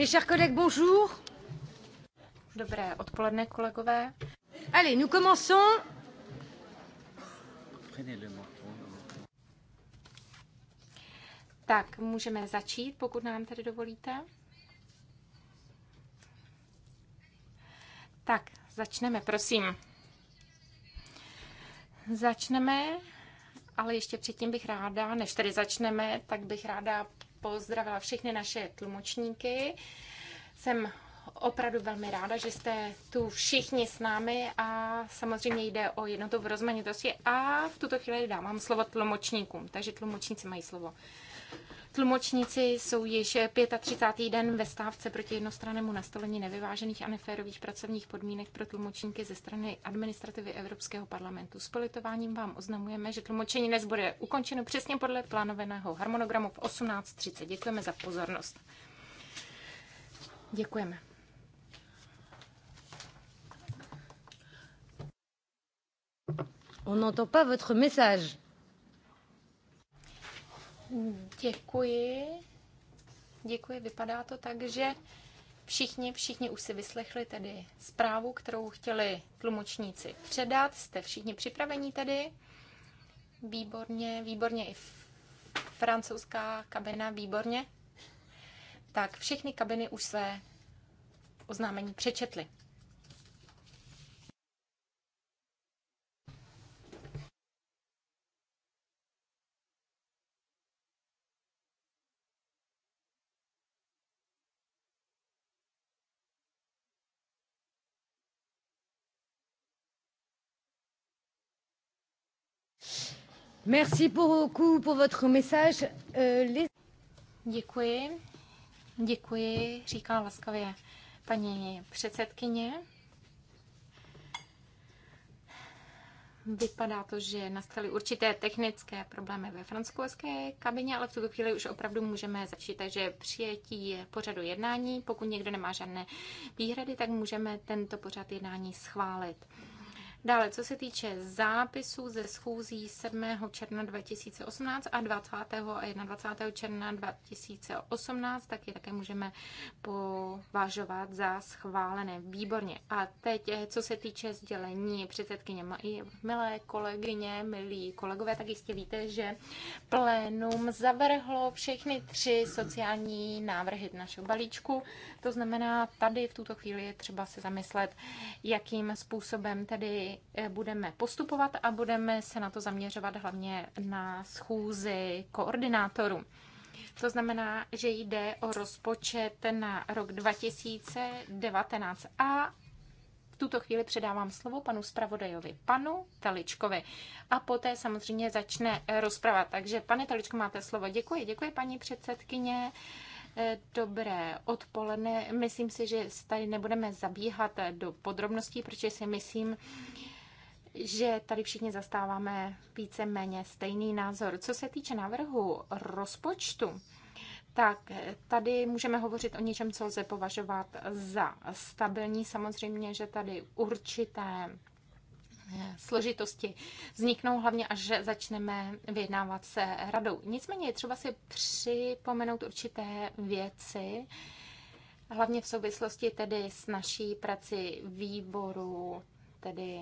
Mes chers collègues, bonjour. Dobré odpoledne, kolegové. Allez, nous commençons. Tak, můžeme začít, pokud nám tedy dovolíte. Tak, začneme, prosím. Začneme, ale ještě předtím bych ráda, než tedy začneme, tak bych ráda pozdravila všechny naše tlumočníky. Jsem opravdu velmi ráda, že jste tu všichni s námi a samozřejmě jde o jednotu v rozmanitosti a v tuto chvíli dávám slovo tlumočníkům, takže tlumočníci mají slovo. Tlumočníci jsou již 35. den ve stávce proti jednostrannému nastolení nevyvážených a neférových pracovních podmínek pro tlumočníky ze strany administrativy Evropského parlamentu. S politováním vám oznamujeme, že tlumočení dnes bude ukončeno přesně podle plánovaného harmonogramu v 18.30. Děkujeme za pozornost. Děkujeme. On n'entend pas votre message. Děkuji. Děkuji, vypadá to tak, že všichni, všichni už si vyslechli tedy zprávu, kterou chtěli tlumočníci předat. Jste všichni připraveni tedy? Výborně, výborně i francouzská kabina, výborně. Tak všechny kabiny už své oznámení přečetly. Merci beaucoup pour votre message. Euh, Děkuji. Děkuji, říká laskavě paní předsedkyně. Vypadá to, že nastaly určité technické problémy ve francouzské kabině, ale v tuto chvíli už opravdu můžeme začít. Takže přijetí pořadu jednání. Pokud někdo nemá žádné výhrady, tak můžeme tento pořad jednání schválit. Dále, co se týče zápisů ze schůzí 7. června 2018 a 20. a 21. června 2018, tak je také můžeme považovat za schválené. Výborně. A teď, eh, co se týče sdělení předsedkyně milé kolegyně, milí kolegové, tak jistě víte, že plénum zavrhlo všechny tři sociální návrhy našeho balíčku. To znamená, tady v tuto chvíli je třeba se zamyslet, jakým způsobem tedy Eh, budeme postupovat a budeme se na to zaměřovat hlavně na schůzi koordinátorů. To znamená, že jde o rozpočet na rok 2019 a v tuto chvíli předávám slovo panu zpravodajovi, panu Taličkovi. A poté samozřejmě začne rozprava. Takže, pane Taličko, máte slovo. Děkuji, děkuji, paní předsedkyně. Eh, dobré odpoledne. Myslím si, že tady nebudeme zabíhat eh, do podrobností, protože si myslím, že tady všichni zastáváme více-méně stejný názor. Co se týče návrhu rozpočtu, tak eh, tady můžeme hovořit o něčem, co lze považovat za stabilní. Samozřejmě, že tady určité složitosti vzniknou hlavně, až začneme vyjednávat se radou. Nicméně je třeba si připomenout určité věci, hlavně v souvislosti tedy s naší prací výboru, tedy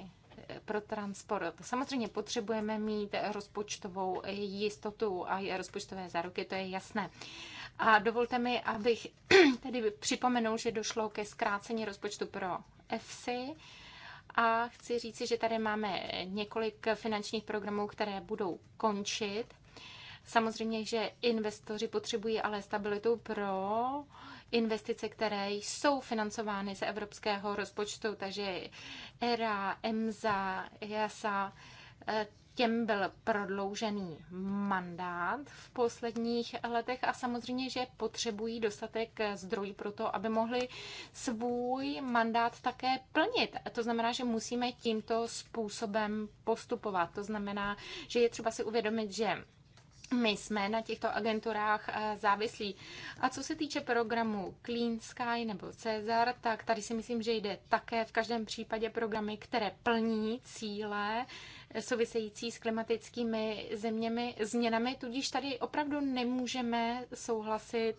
eh, pro transport. Samozřejmě potřebujeme mít rozpočtovou jistotu a rozpočtové záruky, to je jasné. A dovolte mi, abych tedy připomenul, že došlo ke zkrácení rozpočtu pro EFSI a chci říci, že tady máme několik finančních programů, které budou končit. Samozřejmě, že investoři potřebují ale stabilitu pro investice, které jsou financovány z evropského rozpočtu, takže ERA, EMSA, EASA, těm byl prodloužený mandát v posledních letech a samozřejmě, že potřebují dostatek zdrojů pro to, aby mohli svůj mandát také plnit. To znamená, že musíme tímto způsobem postupovat. To znamená, že je třeba si uvědomit, že my jsme na těchto agenturách eh, závislí. A co se týče programu Clean Sky nebo Cezar, tak tady si myslím, že jde také v každém případě programy, které plní cíle eh, související s klimatickými zeměmi, změnami, tudíž tady opravdu nemůžeme souhlasit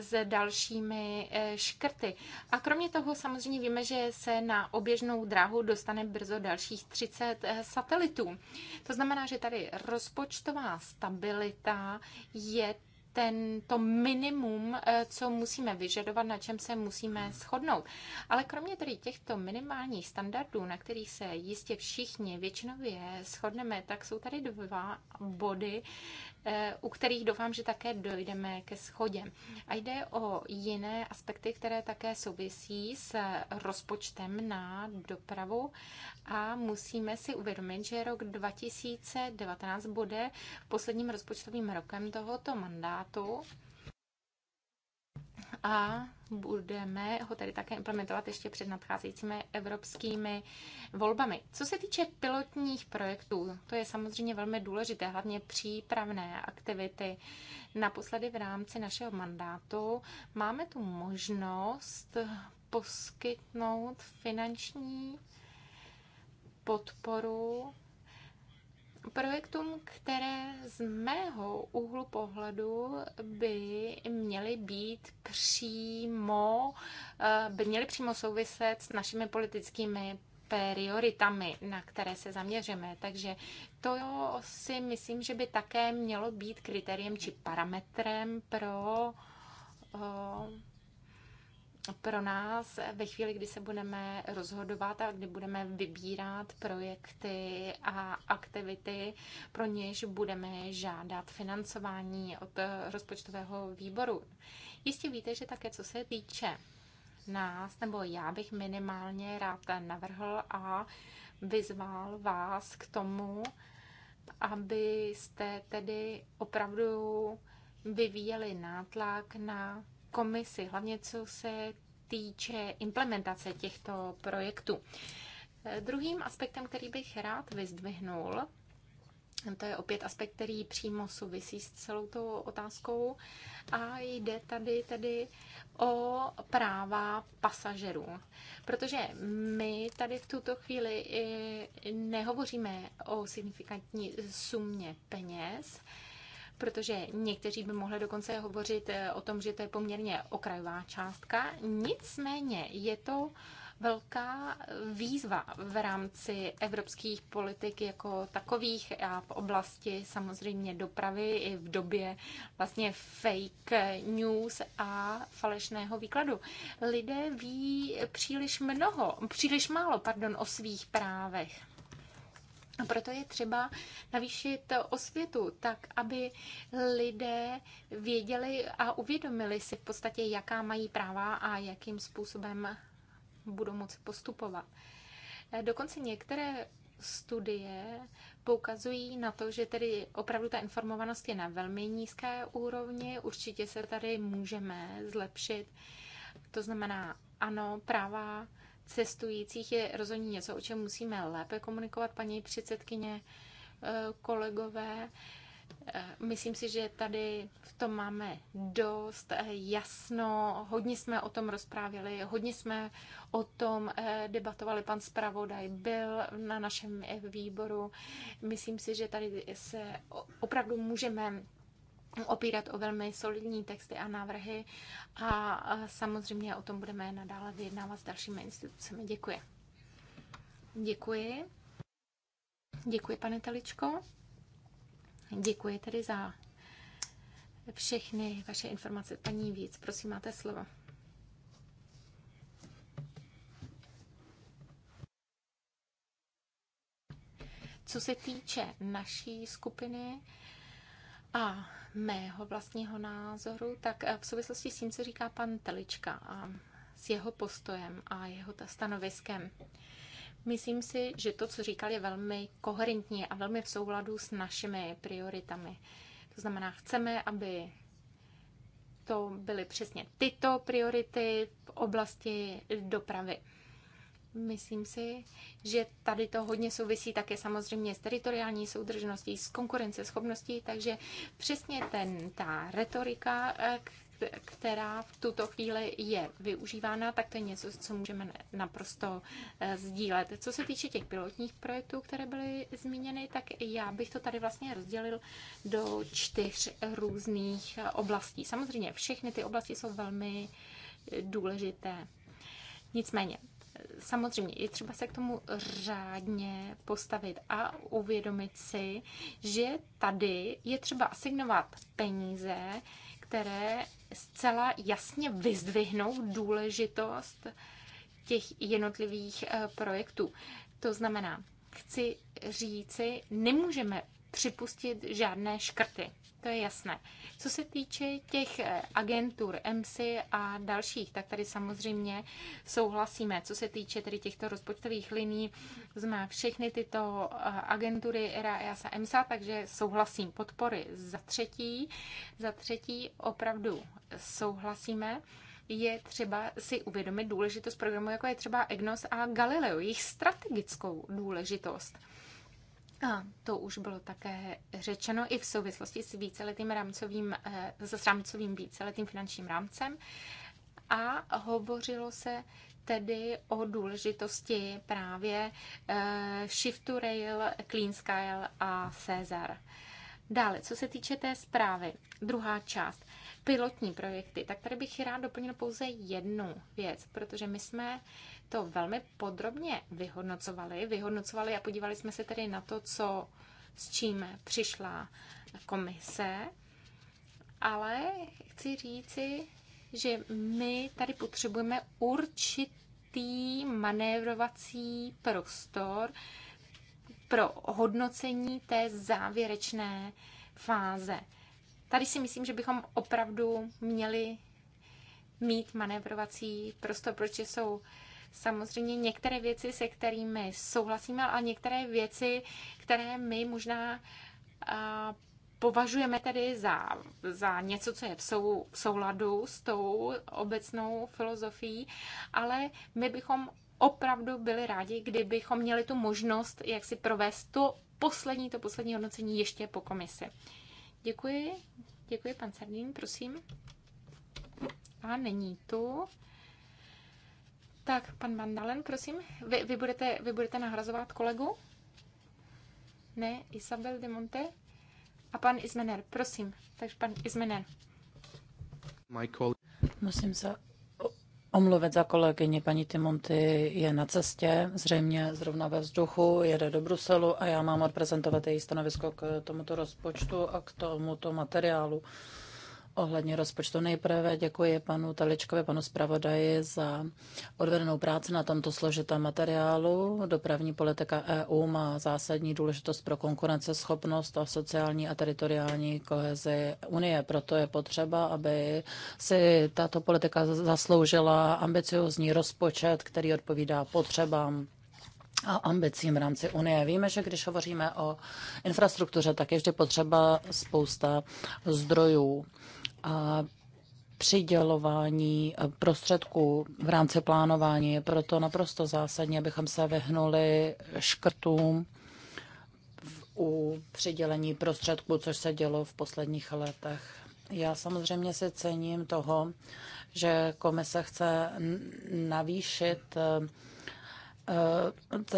s dalšími eh, škrty. A kromě toho samozřejmě víme, že se na oběžnou dráhu dostane brzo dalších 30 eh, satelitů. To znamená, že tady rozpočtová stabilita je tento minimum, eh, co musíme vyžadovat, na čem se musíme shodnout. Ale kromě tedy těchto minimálních standardů, na kterých se jistě všichni většinově shodneme, tak jsou tady dva body, Eh, u kterých doufám, že také dojdeme ke schodě. A jde o jiné aspekty, které také souvisí s rozpočtem na dopravu a musíme si uvědomit, že rok 2019 bude posledním rozpočtovým rokem tohoto mandátu a budeme ho tedy také implementovat ještě před nadcházejícími evropskými volbami. Co se týče pilotních projektů, to je samozřejmě velmi důležité, hlavně přípravné aktivity. Naposledy v rámci našeho mandátu máme tu možnost poskytnout finanční podporu projektům, které z mého úhlu pohledu by měly být přímo, eh, by měly přímo souviset s našimi politickými prioritami, na které se zaměříme. Takže to si myslím, že by také mělo být kritériem či parametrem pro eh, pro nás ve chvíli, kdy se budeme rozhodovat a kdy budeme vybírat projekty a aktivity, pro něž budeme žádat financování od rozpočtového výboru. Jistě víte, že také co se týče nás, nebo já bych minimálně rád navrhl a vyzval vás k tomu, abyste tedy opravdu vyvíjeli nátlak na komisi, hlavně co se týče implementace těchto projektů. Eh, druhým aspektem, který bych rád vyzdvihnul, to je opět aspekt, který přímo souvisí s celou tou otázkou a jde tady tedy o práva pasažerů. Protože my tady v tuto chvíli eh, nehovoříme o signifikantní sumě peněz, protože někteří by mohli dokonce hovořit eh, o tom, že to je poměrně okrajová částka. Nicméně je to velká výzva v rámci evropských politik jako takových a v oblasti samozřejmě dopravy i v době vlastně fake news a falešného výkladu. Lidé ví příliš mnoho, příliš málo, pardon, o svých právech. A proto je třeba navýšit osvětu tak, aby lidé věděli a uvědomili si v podstatě, jaká mají práva a jakým způsobem budou moci postupovat. Dokonce některé studie poukazují na to, že tedy opravdu ta informovanost je na velmi nízké úrovni. Určitě se tady můžeme zlepšit. To znamená, ano, práva cestujících je rozhodně něco, o čem musíme lépe komunikovat, paní předsedkyně, eh, kolegové. Eh, myslím si, že tady v tom máme dost eh, jasno, hodně jsme o tom rozprávili, hodně jsme o tom debatovali, pan zpravodaj byl na našem výboru. Myslím si, že tady se opravdu můžeme opírat o velmi solidní texty a návrhy a samozřejmě o tom budeme nadále vyjednávat s dalšími institucemi. Děkuji. Děkuji. Děkuji, pane Teličko. Děkuji tedy za všechny vaše informace. Paní Víc, prosím, máte slovo. Co se týče naší skupiny a mého vlastního názoru, tak eh, v souvislosti s tím, co říká pan Telička a s jeho postojem a jeho stanoviskem. Myslím si, že to, co říkal, je velmi koherentní a velmi v souladu s našimi prioritami. To znamená, chceme, aby to byly přesně tyto priority v oblasti dopravy. Myslím si, že tady to hodně souvisí také samozřejmě s teritoriální soudržností, s konkurenceschopností, takže přesně ten, ta retorika, eh, která v tuto chvíli je využívána, tak to je něco, co můžeme naprosto eh, sdílet. Co se týče těch pilotních projektů, které byly zmíněny, tak já bych to tady vlastně rozdělil do čtyř různých eh, oblastí. Samozřejmě všechny ty oblasti jsou velmi důležité. Nicméně, samozřejmě je třeba se k tomu řádně postavit a uvědomit si, že tady je třeba asignovat peníze, které zcela jasně vyzdvihnou důležitost těch jednotlivých eh, projektů. To znamená, chci říci, nemůžeme připustit žádné škrty to je jasné. Co se týče těch eh, agentur EMSI a dalších, tak tady samozřejmě souhlasíme. Co se týče tedy těchto rozpočtových liní, zná všechny tyto eh, agentury ERA, EASA, EMSA, takže souhlasím. Podpory za třetí, za třetí opravdu souhlasíme je třeba si uvědomit důležitost programu, jako je třeba EGNOS a Galileo, jejich strategickou důležitost. A to už bylo také řečeno i v souvislosti s víceletým rámcovým, eh, s rámcovým víceletým finančním rámcem. A hovořilo se tedy o důležitosti právě eh, Shift to Rail, Clean Sky a Cesar. Dále, co se týče té zprávy, druhá část pilotní projekty, tak tady bych rád doplnil pouze jednu věc, protože my jsme to velmi podrobně vyhodnocovali. Vyhodnocovali a podívali jsme se tedy na to, co s čím přišla komise, ale chci říci, že my tady potřebujeme určitý manévrovací prostor pro hodnocení té závěrečné fáze. Tady si myslím, že bychom opravdu měli mít manévrovací prostor, protože jsou samozřejmě některé věci, se kterými souhlasíme, a některé věci, které my možná a, považujeme tedy za, za něco, co je v, sou, v souladu s tou obecnou filozofií, ale my bychom opravdu byli rádi, kdybychom měli tu možnost, jak si provést to poslední, to poslední hodnocení ještě po komisi. Děkuji. Děkuji, pan Sardín, prosím. A není tu. Tak, pan Mandalen, prosím. Vy, vy, budete, vy budete nahrazovat kolegu? Ne, Isabel de Monte. A pan Izmener, prosím. Takže pan Izmener. Musím se Omluvit za kolegyni paní Timonty je na cestě, zřejmě zrovna ve vzduchu, jede do Bruselu a já mám odprezentovat její stanovisko k tomuto rozpočtu a k tomuto materiálu ohledně rozpočtu. Nejprve děkuji panu Taličkovi, panu zpravodaji za odvedenou práci na tomto složitém materiálu. Dopravní politika EU má zásadní důležitost pro konkurenceschopnost a sociální a teritoriální kohezi Unie. Proto je potřeba, aby si tato politika zasloužila ambiciozní rozpočet, který odpovídá potřebám a ambicím v rámci Unie. Víme, že když hovoříme o infrastruktuře, tak je vždy potřeba spousta zdrojů a přidělování prostředků v rámci plánování. Je proto naprosto zásadní, abychom se vyhnuli škrtům u přidělení prostředků, což se dělo v posledních letech. Já samozřejmě si cením toho, že komise chce navýšit eh, Eh,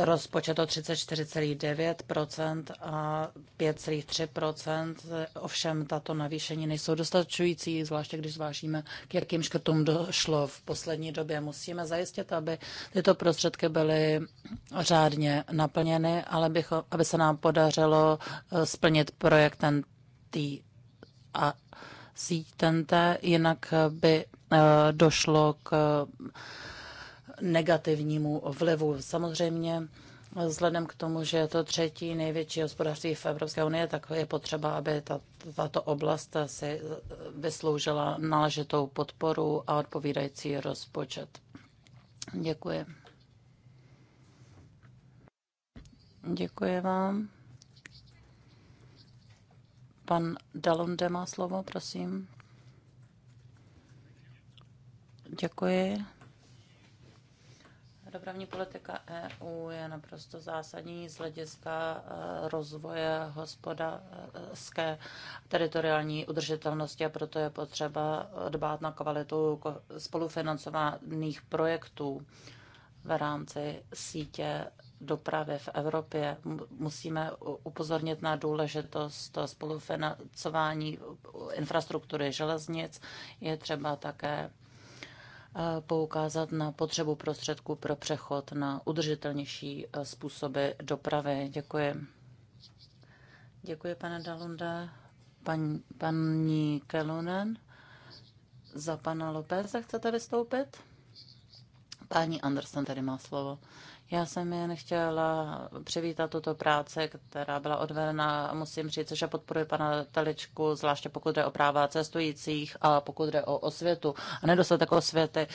rozpočet o 34,9% a 5,3%. Ovšem tato navýšení nejsou dostačující, zvláště když zvážíme, k jakým škrtům došlo v poslední době. Musíme zajistit, aby tyto prostředky byly řádně naplněny, ale bychom, aby se nám podařilo eh, splnit projekt ten tý a síť TNT, jinak by eh, došlo k negativnímu vlivu. Samozřejmě Vzhledem k tomu, že je to třetí největší hospodářství v Evropské unii, tak je potřeba, aby ta, tato oblast si vysloužila náležitou podporu a odpovídající rozpočet. Děkuji. Děkuji vám. Pan Dalonde má slovo, prosím. Děkuji. Dopravní politika EU je naprosto zásadní z hlediska eh, rozvoje hospodářské teritoriální udržitelnosti a proto je potřeba dbát na kvalitu spolufinancovaných projektů v rámci sítě dopravy v Evropě. Musíme upozornit na důležitost spolufinancování infrastruktury železnic. Je třeba také Eh, poukázat na potřebu prostředků pro přechod na udržitelnější eh, způsoby dopravy. Děkuji. Děkuji, pane Dalunda. Paní, paní Kelonen, za pana Lopeze chcete vystoupit? Paní Anderson tady má slovo. Já jsem jen chtěla přivítat tuto práce, která byla odvedena, musím říct, že podporuji pana Teličku, zvláště pokud jde o práva cestujících a pokud jde o osvětu a nedostatek osvěty.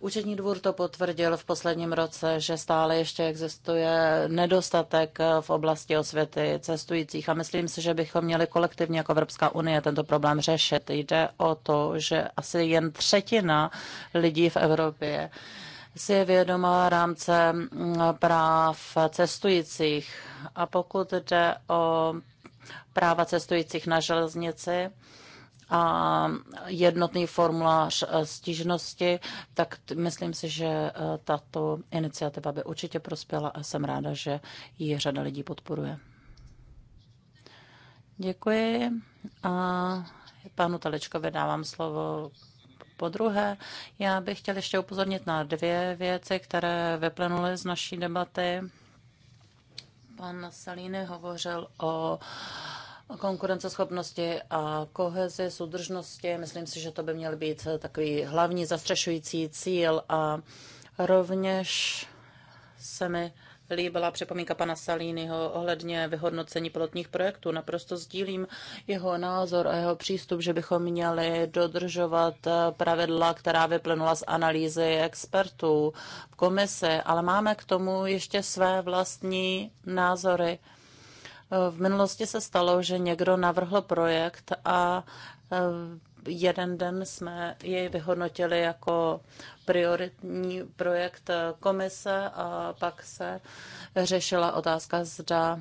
Účetní dvůr to potvrdil v posledním roce, že stále ještě existuje nedostatek v oblasti osvěty cestujících a myslím si, že bychom měli kolektivně jako Evropská unie tento problém řešit. Jde o to, že asi jen třetina lidí v Evropě si vědoma rámce mm, práv cestujících. A pokud jde o práva cestujících na železnici, a jednotný formulář stížnosti, tak myslím si, že eh, tato iniciativa by určitě prospěla a jsem ráda, že ji řada lidí podporuje. Děkuji a panu Telečkovi dávám slovo po druhé, já bych chtěl ještě upozornit na dvě věci, které vyplynuly z naší debaty. Pan Salíny hovořil o konkurenceschopnosti a kohezi, soudržnosti. Myslím si, že to by měl být takový hlavní zastřešující cíl a rovněž se mi líbila připomínka pana Salínyho ohledně vyhodnocení pilotních projektů. Naprosto sdílím jeho názor a jeho přístup, že bychom měli dodržovat pravidla, která vyplynula z analýzy expertů v komisi, ale máme k tomu ještě své vlastní názory. V minulosti se stalo, že někdo navrhl projekt a jeden den jsme jej vyhodnotili jako prioritní projekt komise a pak se řešila otázka, zda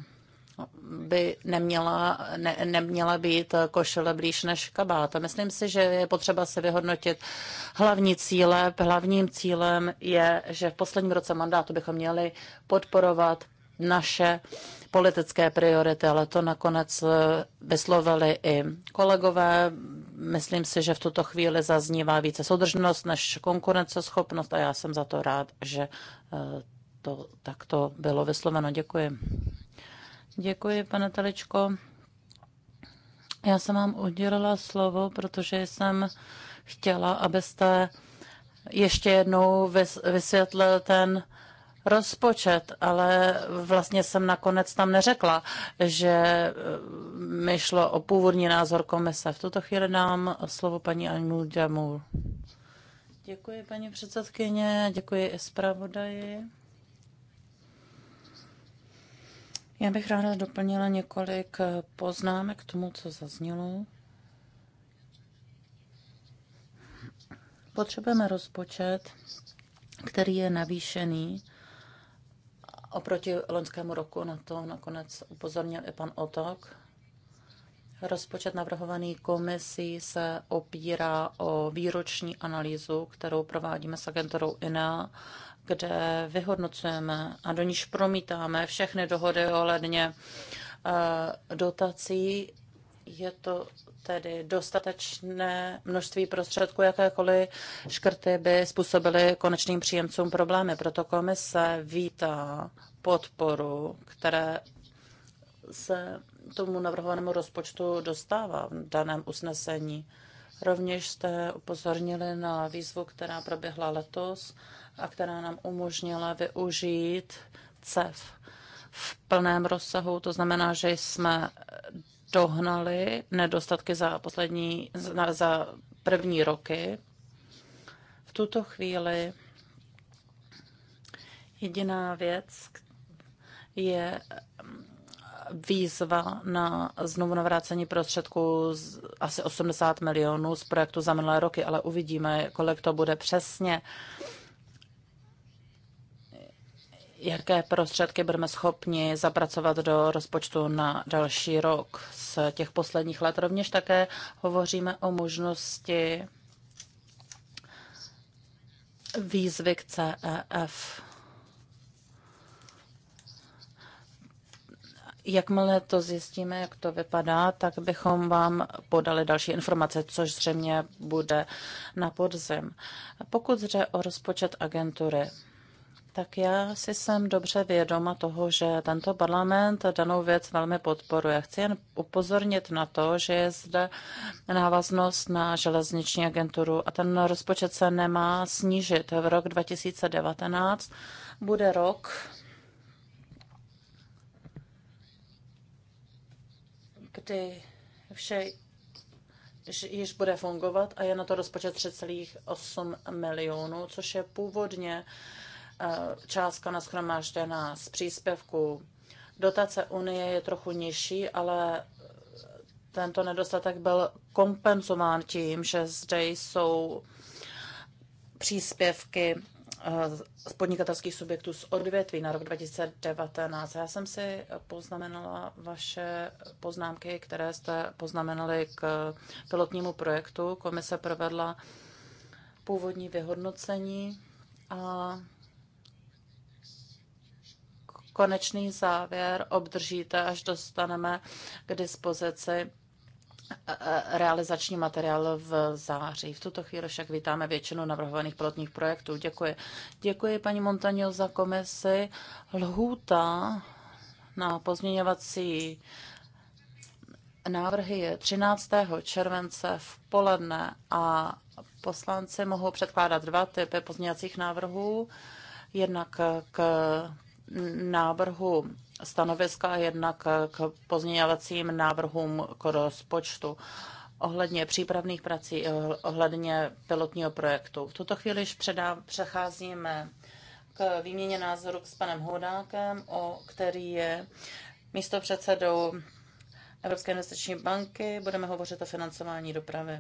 by neměla, ne, neměla být košile blíž než kabát. A myslím si, že je potřeba se vyhodnotit hlavní cíle. Hlavním cílem je, že v posledním roce mandátu bychom měli podporovat naše politické priority, ale to nakonec eh, vyslovili i kolegové. Myslím si, že v tuto chvíli zaznívá více soudržnost než konkurenceschopnost a já jsem za to rád, že eh, to takto bylo vysloveno. Děkuji. Děkuji, pane Teličko. Já jsem vám udělala slovo, protože jsem chtěla, abyste ještě jednou vysvětlil ten rozpočet, ale vlastně jsem nakonec tam neřekla, že eh, mi šlo o původní názor komise. V tuto chvíli nám slovo paní Anul Jamul. Děkuji, paní předsedkyně, děkuji i zpravodaji. Já bych ráda doplnila několik eh, poznámek k tomu, co zaznělo. Potřebujeme rozpočet, který je navýšený Oproti loňskému roku na to nakonec upozornil i pan Otok. Rozpočet navrhovaný komisí se opírá o výroční analýzu, kterou provádíme s agenturou INA, kde vyhodnocujeme a do níž promítáme všechny dohody ohledně eh, dotací je to tedy dostatečné množství prostředků, jakékoliv škrty by způsobily konečným příjemcům problémy. Proto komise vítá podporu, které se tomu navrhovanému rozpočtu dostává v daném usnesení. Rovněž jste upozornili na výzvu, která proběhla letos a která nám umožnila využít CEF v plném rozsahu. To znamená, že jsme dohnali nedostatky za poslední, za první roky. V tuto chvíli jediná věc je výzva na znovu navrácení prostředků z asi 80 milionů z projektu za minulé roky, ale uvidíme, kolik to bude přesně jaké prostředky budeme schopni zapracovat do rozpočtu na další rok z těch posledních let. Rovněž také hovoříme o možnosti výzvy k CEF. Jakmile to zjistíme, jak to vypadá, tak bychom vám podali další informace, což zřejmě bude na podzim. Pokud jde o rozpočet agentury, tak já si jsem dobře vědoma toho, že tento parlament danou věc velmi podporuje. Chci jen upozornit na to, že je zde návaznost na železniční agenturu a ten rozpočet se nemá snížit. V rok 2019 bude rok, kdy vše již bude fungovat a je na to rozpočet 3,8 milionů, což je původně Eh, částka nashromážděná z příspěvků. Dotace Unie je trochu nižší, ale tento nedostatek byl kompenzován tím, že zde jsou příspěvky eh, z podnikatelských subjektů z odvětví na rok 2019. Já jsem si poznamenala vaše poznámky, které jste poznamenali k pilotnímu projektu. Komise provedla původní vyhodnocení a konečný závěr obdržíte, až dostaneme k dispozici eh, eh, realizační materiál v září. V tuto chvíli však vítáme většinu navrhovaných pilotních projektů. Děkuji. Děkuji paní Montanil za komisi. Lhůta na pozměňovací návrhy je 13. července v poledne a poslanci mohou předkládat dva typy pozměňovacích návrhů. Jednak k návrhu stanoviska, jednak k pozměňovacím návrhům k rozpočtu ohledně přípravných prací, ohledně pilotního projektu. V tuto chvíli již předám, přecházíme k výměně názoru s panem Hodákem, o, který je místo předsedou Evropské investiční banky. Budeme hovořit o financování dopravy.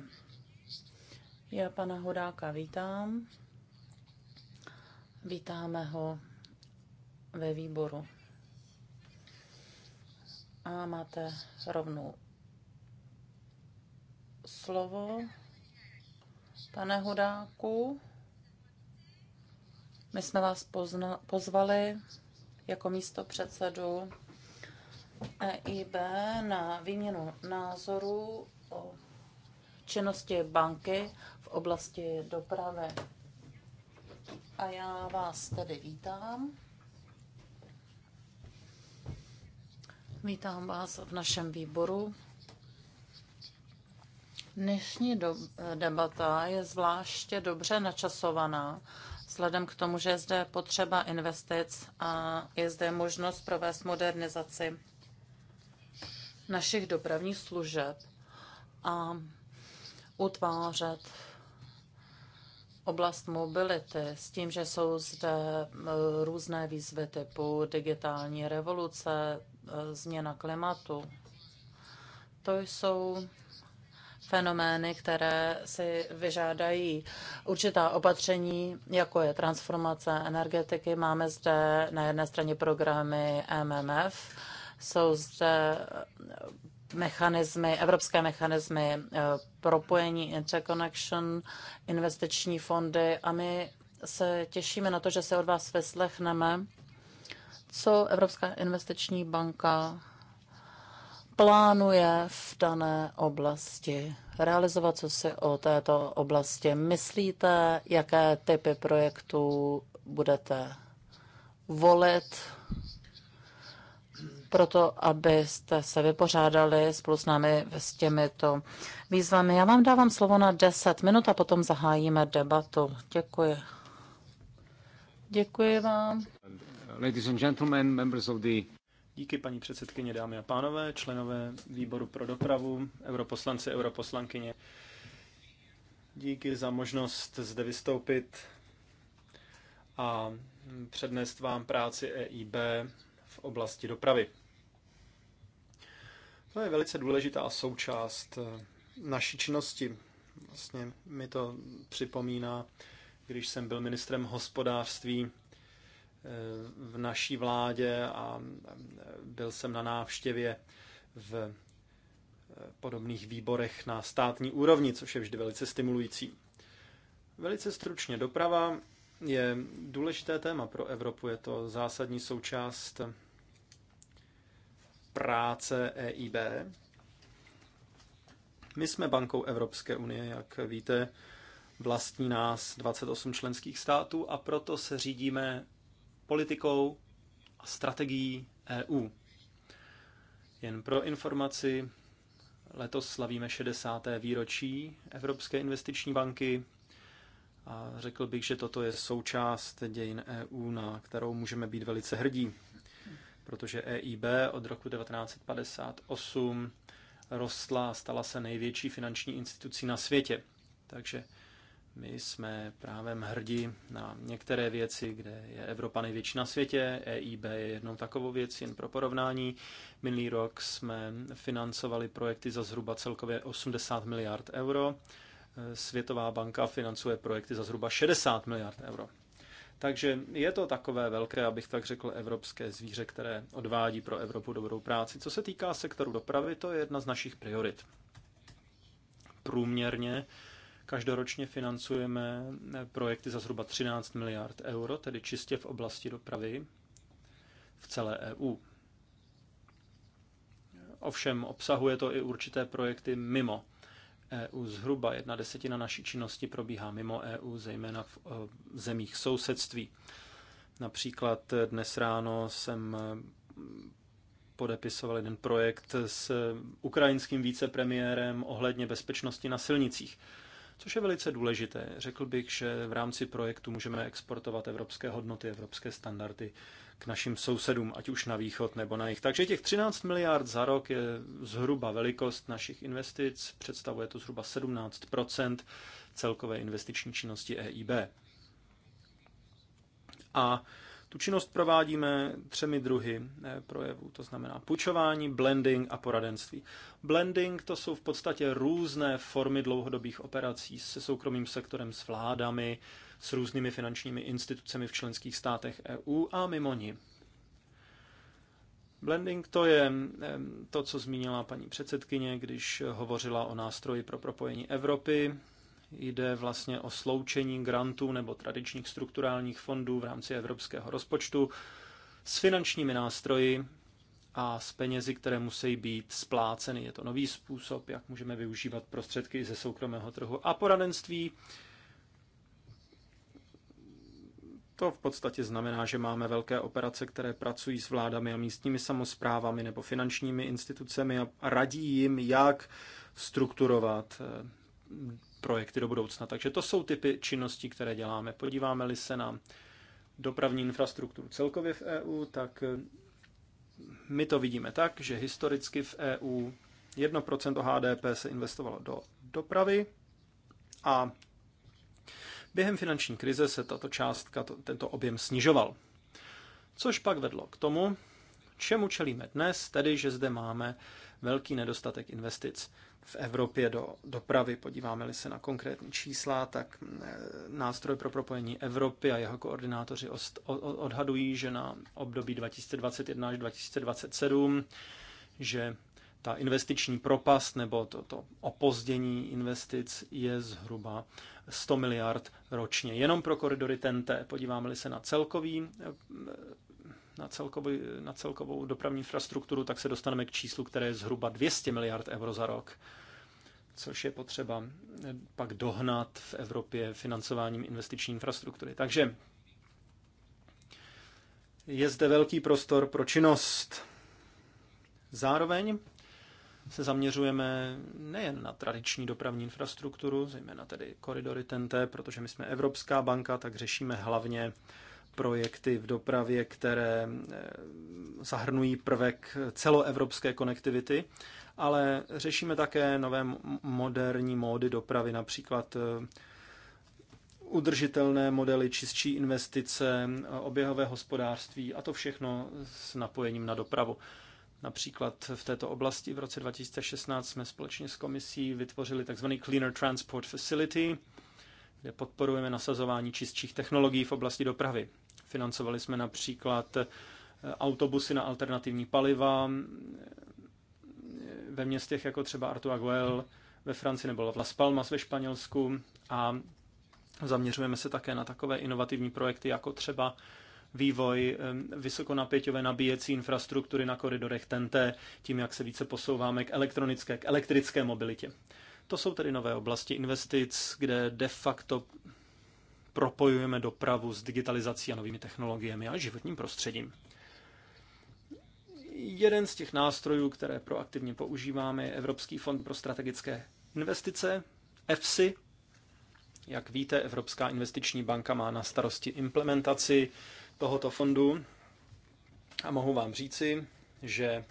Já pana Hodáka vítám. Vítáme ho ve výboru. A máte rovnou slovo. Pane Hudáku, my jsme vás pozna- pozvali jako místo předsedu EIB na výměnu názorů o činnosti banky v oblasti dopravy. A já vás tedy vítám. Vítám vás v našem výboru. Dnešní debata je zvláště dobře načasovaná, vzhledem k tomu, že je zde potřeba investic a je zde možnost provést modernizaci našich dopravních služeb a utvářet oblast mobility s tím, že jsou zde eh, různé výzvy typu digitální revoluce, E, změna klimatu. To jsou fenomény, které si vyžádají určitá opatření, jako je transformace energetiky. Máme zde na jedné straně programy MMF, jsou zde mechanismy, evropské mechanismy e, propojení, interconnection, investiční fondy a my se těšíme na to, že se od vás vyslechneme co Evropská investiční banka plánuje v dané oblasti realizovat, co si o této oblasti myslíte, jaké typy projektů budete volit, proto abyste se vypořádali spolu s námi s těmito výzvami. Já vám dávám slovo na 10 minut a potom zahájíme debatu. Děkuji. Děkuji vám. Ladies and gentlemen, members of the Díky paní předsedkyně, dámy a pánové, členové výboru pro dopravu, europoslanci, europoslankyně. Díky za možnost zde vystoupit a přednést vám práci EIB v oblasti dopravy. To je velice důležitá součást eh, naší činnosti. Vlastně mi to připomíná, když jsem byl ministrem hospodářství v naší vládě a byl jsem na návštěvě v podobných výborech na státní úrovni, což je vždy velice stimulující. Velice stručně, doprava je důležité téma pro Evropu, je to zásadní součást práce EIB. My jsme bankou Evropské unie, jak víte, vlastní nás 28 členských států a proto se řídíme politikou a strategií EU. Jen pro informaci, letos slavíme 60. výročí Evropské investiční banky a řekl bych, že toto je součást dějin EU, na kterou můžeme být velice hrdí, protože EIB od roku 1958 rostla a stala se největší finanční institucí na světě. Takže my jsme právě hrdí na některé věci, kde je Evropa největší na světě. EIB je jednou takovou věcí, jen pro porovnání. Minulý rok jsme financovali projekty za zhruba celkově 80 miliard euro. Světová banka financuje projekty za zhruba 60 miliard euro. Takže je to takové velké, abych tak řekl, evropské zvíře, které odvádí pro Evropu dobrou práci. Co se týká sektoru dopravy, to je jedna z našich priorit. Průměrně Každoročně financujeme eh, projekty za zhruba 13 miliard euro, tedy čistě v oblasti dopravy v celé EU. Ovšem obsahuje to i určité projekty mimo EU. Zhruba jedna desetina naší činnosti probíhá mimo EU, zejména eh, v zemích sousedství. Například eh, dnes ráno jsem podepisoval jeden projekt s ukrajinským vicepremiérem ohledně bezpečnosti na silnicích což je velice důležité. Řekl bych, že v rámci projektu můžeme exportovat evropské hodnoty, evropské standardy k našim sousedům, ať už na východ nebo na jih. Takže těch 13 miliard za rok je zhruba velikost našich investic, představuje to zhruba 17 celkové investiční činnosti EIB. A tu činnost provádíme třemi druhy eh, projevů, to znamená půjčování, blending a poradenství. Blending to jsou v podstatě různé formy dlouhodobých operací se soukromým sektorem, s vládami, s různými finančními institucemi v členských státech EU a mimo ní. Blending to je eh, to, co zmínila paní předsedkyně, když hovořila o nástroji pro propojení Evropy, Jde vlastně o sloučení grantů nebo tradičních strukturálních fondů v rámci evropského rozpočtu s finančními nástroji a s penězi, které musí být spláceny. Je to nový způsob, jak můžeme využívat prostředky ze soukromého trhu a poradenství. To v podstatě znamená, že máme velké operace, které pracují s vládami a místními samozprávami nebo finančními institucemi a radí jim, jak strukturovat eh, projekty do budoucna. Takže to jsou typy činností, které děláme. Podíváme-li se na dopravní infrastrukturu celkově v EU, tak eh, my to vidíme tak, že historicky v EU 1% HDP se investovalo do dopravy a během finanční krize se tato částka, tento objem snižoval. Což pak vedlo k tomu, čemu čelíme dnes, tedy že zde máme velký nedostatek investic v Evropě do dopravy. Podíváme-li se na konkrétní čísla, tak eh, nástroj pro propojení Evropy a jeho koordinátoři odhadují, že na období 2021 až 2027, že ta investiční propast nebo to, to opozdění investic je zhruba 100 miliard ročně. Jenom pro koridory TNT. Podíváme-li se na celkový eh, na, celkový, na celkovou dopravní infrastrukturu, tak se dostaneme k číslu, které je zhruba 200 miliard euro za rok, což je potřeba eh, pak dohnat v Evropě financováním investiční infrastruktury. Takže je zde velký prostor pro činnost. Zároveň se zaměřujeme nejen na tradiční dopravní infrastrukturu, zejména tedy koridory TNT, protože my jsme Evropská banka, tak řešíme hlavně projekty v dopravě, které eh, zahrnují prvek celoevropské konektivity, ale řešíme také nové moderní módy dopravy, například eh, udržitelné modely, čistší investice, eh, oběhové hospodářství a to všechno s napojením na dopravu. Například v této oblasti v roce 2016 jsme společně s komisí vytvořili tzv. Cleaner Transport Facility, kde podporujeme nasazování čistších technologií v oblasti dopravy. Financovali jsme například eh, autobusy na alternativní paliva eh, ve městech jako třeba Artuaguel ve Francii nebo Las Palmas ve Španělsku a zaměřujeme se také na takové inovativní projekty jako třeba vývoj eh, vysokonapěťové nabíjecí infrastruktury na koridorech TNT, tím, jak se více posouváme k elektronické, k elektrické mobilitě. To jsou tedy nové oblasti investic, kde de facto propojujeme dopravu s digitalizací a novými technologiemi a životním prostředím. Jeden z těch nástrojů, které proaktivně používáme, je Evropský fond pro strategické investice, EFSI. Jak víte, Evropská investiční banka má na starosti implementaci tohoto fondu a mohu vám říci, že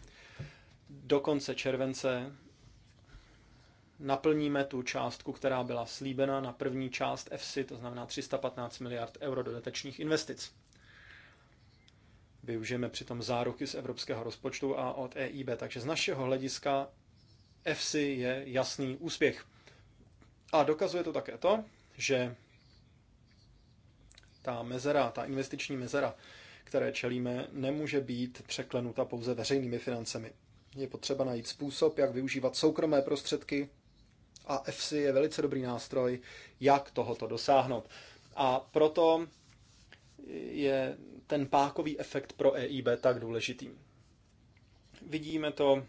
do konce července naplníme tu částku, která byla slíbena na první část EFSI, to znamená 315 miliard euro dodatečných investic. Využijeme přitom záruky z evropského rozpočtu a od EIB, takže z našeho hlediska EFSI je jasný úspěch. A dokazuje to také to, že ta mezera, ta investiční mezera, které čelíme, nemůže být překlenuta pouze veřejnými financemi. Je potřeba najít způsob, jak využívat soukromé prostředky a FC je velice dobrý nástroj, jak tohoto dosáhnout. A proto je ten pákový efekt pro EIB tak důležitý. Vidíme to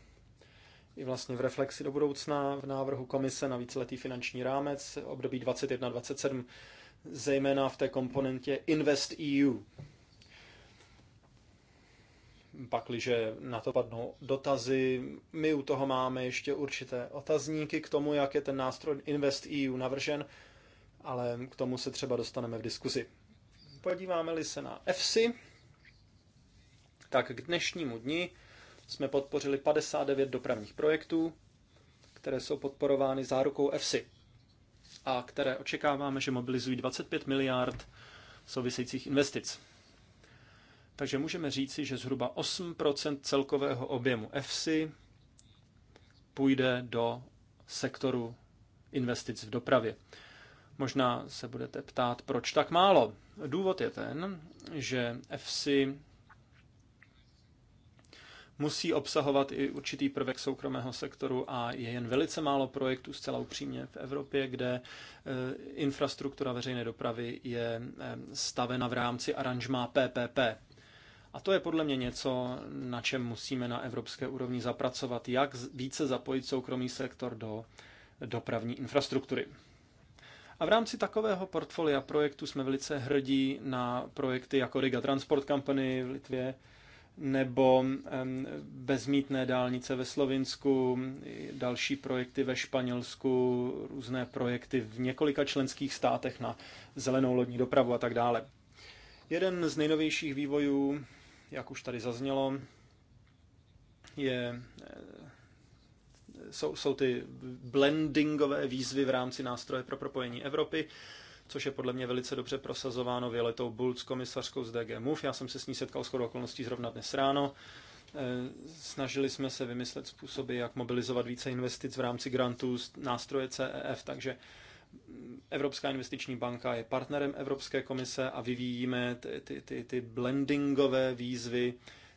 i vlastně v reflexi do budoucna v návrhu komise na víceletý finanční rámec období 21-27, zejména v té komponentě Invest EU pakliže na to padnou dotazy. My u toho máme ještě určité otazníky k tomu, jak je ten nástroj Invest EU navržen, ale k tomu se třeba dostaneme v diskuzi. Podíváme-li se na EFSI, tak k dnešnímu dni jsme podpořili 59 dopravních projektů, které jsou podporovány zárukou EFSI a které očekáváme, že mobilizují 25 miliard souvisejících investic. Takže můžeme říci, že zhruba 8% celkového objemu EFSI půjde do sektoru investic v dopravě. Možná se budete ptát, proč tak málo. Důvod je ten, že EFSI musí obsahovat i určitý prvek soukromého sektoru a je jen velice málo projektů, zcela upřímně, v Evropě, kde eh, infrastruktura veřejné dopravy je eh, stavena v rámci aranžma PPP. A to je podle mě něco, na čem musíme na evropské úrovni zapracovat, jak více zapojit soukromý sektor do dopravní infrastruktury. A v rámci takového portfolia projektu jsme velice hrdí na projekty jako Riga Transport Company v Litvě, nebo bezmítné dálnice ve Slovinsku, další projekty ve Španělsku, různé projekty v několika členských státech na zelenou lodní dopravu a tak dále. Jeden z nejnovějších vývojů jak už tady zaznělo, je, eh, jsou, jsou ty blendingové výzvy v rámci nástroje pro propojení Evropy, což je podle mě velice dobře prosazováno Violetou Bulc, komisařkou z DG MUF. Já jsem se s ní setkal shodou okolností zrovna dnes ráno. Eh, snažili jsme se vymyslet způsoby, jak mobilizovat více investic v rámci grantů z nástroje CEF, takže Evropská investiční banka je partnerem Evropské komise a vyvíjíme ty, ty, ty, ty blendingové výzvy,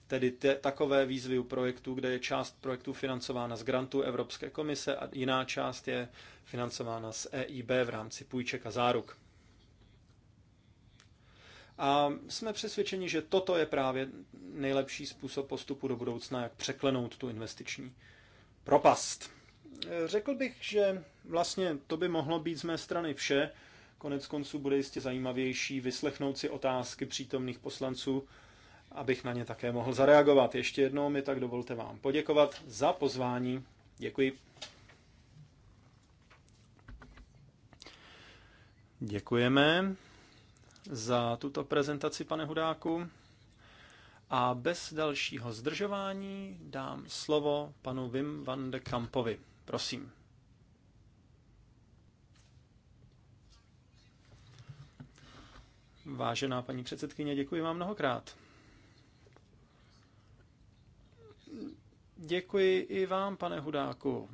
tedy te, takové výzvy u projektů, kde je část projektů financována z grantu Evropské komise a jiná část je financována z EIB v rámci půjček a záruk. A jsme přesvědčeni, že toto je právě nejlepší způsob postupu do budoucna, jak překlenout tu investiční propast. Řekl bych, že vlastně to by mohlo být z mé strany vše. Konec konců bude jistě zajímavější vyslechnout si otázky přítomných poslanců, abych na ně také mohl zareagovat. Ještě jednou mi tak dovolte vám poděkovat za pozvání. Děkuji. Děkujeme za tuto prezentaci, pane Hudáku. A bez dalšího zdržování dám slovo panu Wim van de Kampovi. Prosím. Vážená paní předsedkyně, děkuji vám mnohokrát. Děkuji i vám, pane Hudáku.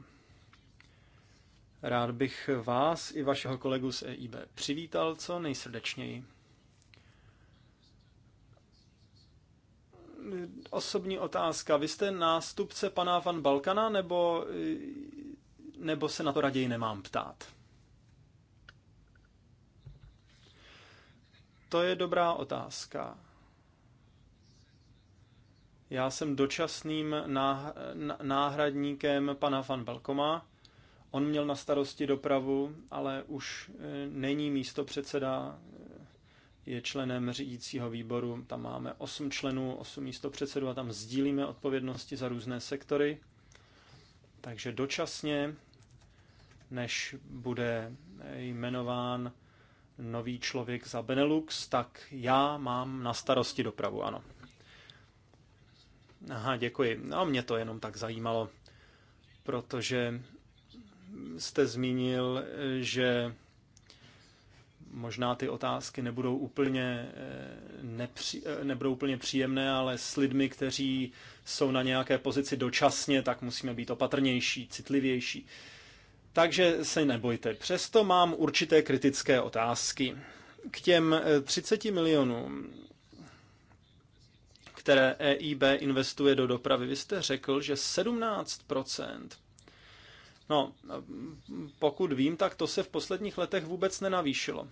Rád bych vás i vašeho kolegu z EIB přivítal co nejsrdečněji. osobní otázka. Vy jste nástupce pana Van Balkana, nebo, nebo se na to raději nemám ptát? To je dobrá otázka. Já jsem dočasným náhradníkem pana Van Balkoma. On měl na starosti dopravu, ale už eh, není místo předseda je členem řídícího výboru. Tam máme 8 členů, 8 předsedů a tam sdílíme odpovědnosti za různé sektory. Takže dočasně, než bude jmenován nový člověk za Benelux, tak já mám na starosti dopravu, ano. Aha, děkuji. No, mě to jenom tak zajímalo, protože jste zmínil, že Možná ty otázky nebudou úplně, eh, nepří, eh, nebudou úplně příjemné, ale s lidmi, kteří jsou na nějaké pozici dočasně, tak musíme být opatrnější, citlivější. Takže se nebojte. Přesto mám určité kritické otázky. K těm 30 eh, milionům, které EIB investuje do dopravy, vy jste řekl, že 17 No, pokud vím, tak to se v posledních letech vůbec nenavýšilo.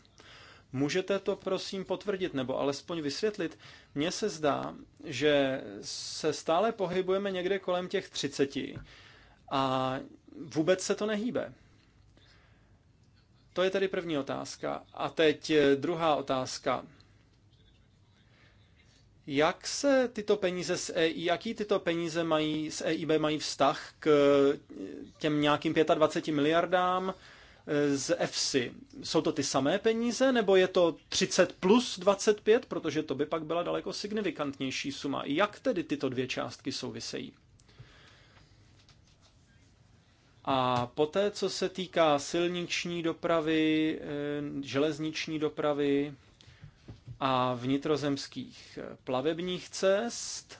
Můžete to prosím potvrdit nebo alespoň vysvětlit? Mně se zdá, že se stále pohybujeme někde kolem těch 30 a vůbec se to nehýbe. To je tedy první otázka. A teď eh, druhá otázka. Jak se tyto peníze z EI, jaký tyto peníze mají, z EIB mají vztah k eh, těm nějakým 25 miliardám, Eh, z EFSI. Jsou to ty samé peníze, nebo je to 30 plus 25, protože to by pak byla daleko signifikantnější suma. Jak tedy tyto dvě částky souvisejí? A poté, co se týká silniční dopravy, eh, železniční dopravy a vnitrozemských eh, plavebních cest,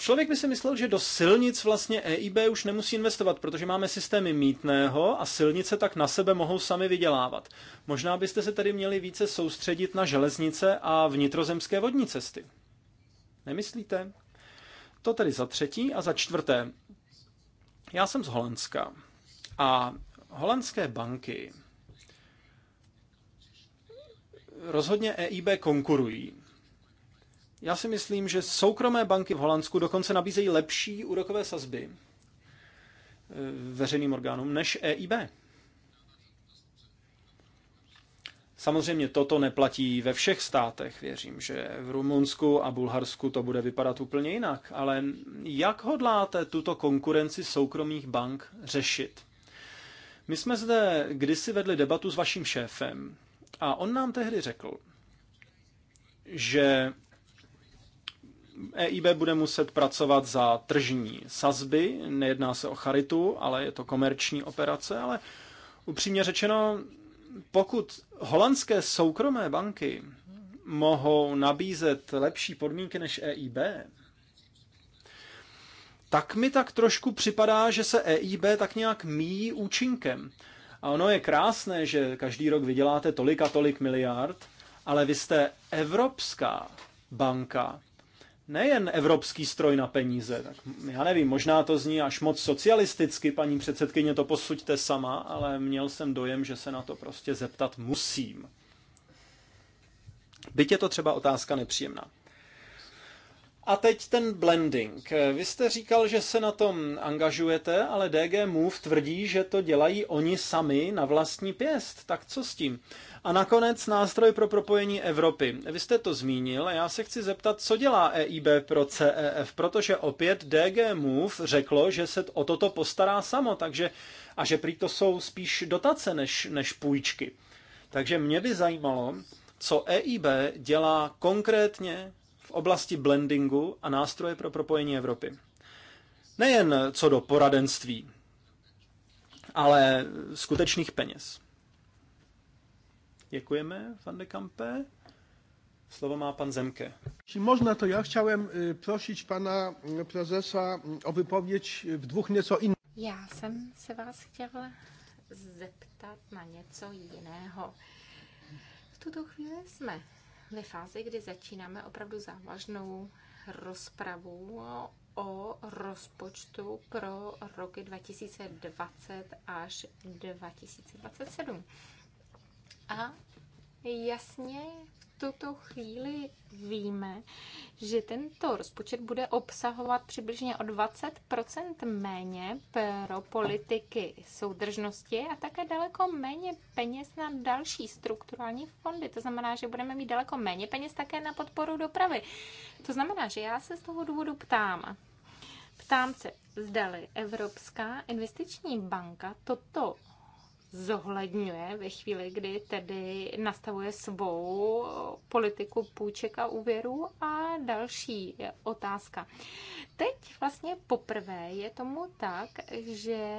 člověk by si myslel, že do silnic vlastně EIB už nemusí investovat, protože máme systémy mítného a silnice tak na sebe mohou sami vydělávat. Možná byste se tedy měli více soustředit na železnice a vnitrozemské vodní cesty. Nemyslíte? To tedy za třetí a za čtvrté. Já jsem z Holandska a holandské banky rozhodně EIB konkurují já si myslím, že soukromé banky v Holandsku dokonce nabízejí lepší úrokové sazby eh, veřejným orgánům než EIB. Samozřejmě toto neplatí ve všech státech, věřím, že v Rumunsku a Bulharsku to bude vypadat úplně jinak, ale jak hodláte tuto konkurenci soukromých bank řešit? My jsme zde kdysi vedli debatu s vaším šéfem a on nám tehdy řekl, že EIB bude muset pracovat za tržní sazby, nejedná se o charitu, ale je to komerční operace, ale upřímně řečeno, pokud holandské soukromé banky mohou nabízet lepší podmínky než EIB, tak mi tak trošku připadá, že se EIB tak nějak míjí účinkem. A ono je krásné, že každý rok vyděláte tolik a tolik miliard, ale vy jste evropská banka nejen evropský stroj na peníze. Tak já nevím, možná to zní až moc socialisticky, paní předsedkyně, to posuďte sama, ale měl jsem dojem, že se na to prostě zeptat musím. Byť je to třeba otázka nepříjemná. A teď ten blending. Vy jste říkal, že se na tom angažujete, ale DG Move tvrdí, že to dělají oni sami na vlastní pěst. Tak co s tím? A nakonec nástroj pro propojení Evropy. Vy jste to zmínil a já se chci zeptat, co dělá EIB pro CEF, protože opět DG Move řeklo, že se o toto postará samo, takže a že prý to jsou spíš dotace než, než půjčky. Takže mě by zajímalo, co EIB dělá konkrétně v oblasti blendingu a nástroje pro propojení Evropy. Nejen co do poradenství, ale skutečných peněz. Děkujeme, van de Kampe. Slovo má pan Zemke. Jeśli można, to ja chciałem prosić pana prezesa o wypowiedź w dwóch nieco innych. Já jsem se vás chtěla zeptat na něco jiného. V tuto chvíli jsme ve fázi, kdy začínáme opravdu závažnou rozpravu o rozpočtu pro roky 2020 až 2027. A jasně v tuto chvíli víme, že tento rozpočet bude obsahovat přibližně o 20 méně pro politiky soudržnosti a také daleko méně peněz na další strukturální fondy. To znamená, že budeme mít daleko méně peněz také na podporu dopravy. To znamená, že já se z toho důvodu ptám. Ptám se, zdali Evropská investiční banka toto zohledňuje ve chvíli, kdy tedy nastavuje svou politiku půjček a úvěrů a další otázka. Teď vlastně poprvé je tomu tak, že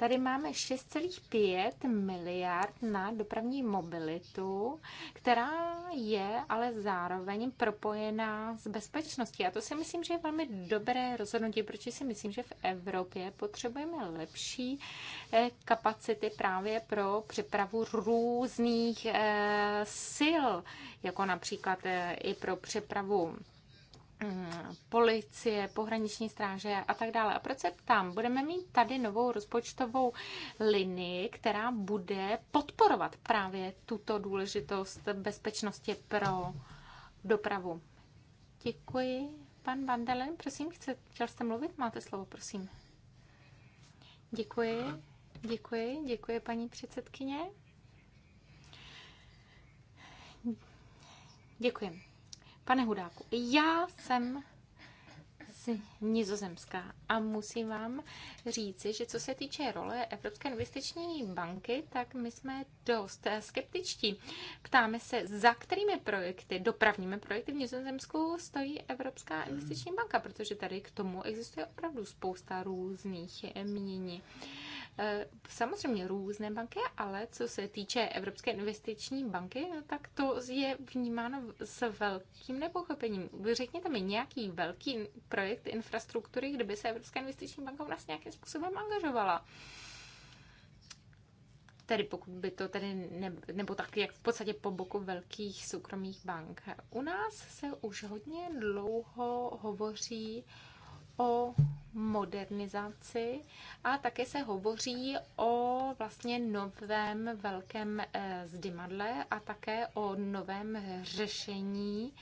Tady máme 6,5 miliard na dopravní mobilitu, která je ale zároveň propojená s bezpečností. A to si myslím, že je velmi dobré rozhodnutí, protože si myslím, že v Evropě potřebujeme lepší eh, kapacity právě pro přepravu různých eh, sil, jako například eh, i pro přepravu policie, pohraniční stráže a tak dále. A proč se ptám? Budeme mít tady novou rozpočtovou linii, která bude podporovat právě tuto důležitost bezpečnosti pro dopravu. Děkuji. Pan Vandelen. prosím, chce, chtěl jste mluvit? Máte slovo, prosím. Děkuji, děkuji, děkuji, paní předsedkyně. Děkuji. Pane Hudáku, já jsem z Nizozemská a musím vám říci, že co se týče role Evropské investiční banky, tak my jsme dost skeptičtí. Ptáme se, za kterými projekty, dopravními projekty v Nizozemsku stojí Evropská investiční banka, protože tady k tomu existuje opravdu spousta různých mění. Eh, samozřejmě různé banky, ale co se týče Evropské investiční banky, tak to je vnímáno s velkým nepochopením. Vy řekněte mi nějaký velký projekt infrastruktury, kde by se Evropská investiční banka u nás nějakým způsobem angažovala tedy pokud by to tedy ne, nebo tak jak v podstatě po boku velkých soukromých bank. U nás se už hodně dlouho hovoří o modernizaci a také se hovoří o vlastně novém velkém eh, zdymadle a také o novém řešení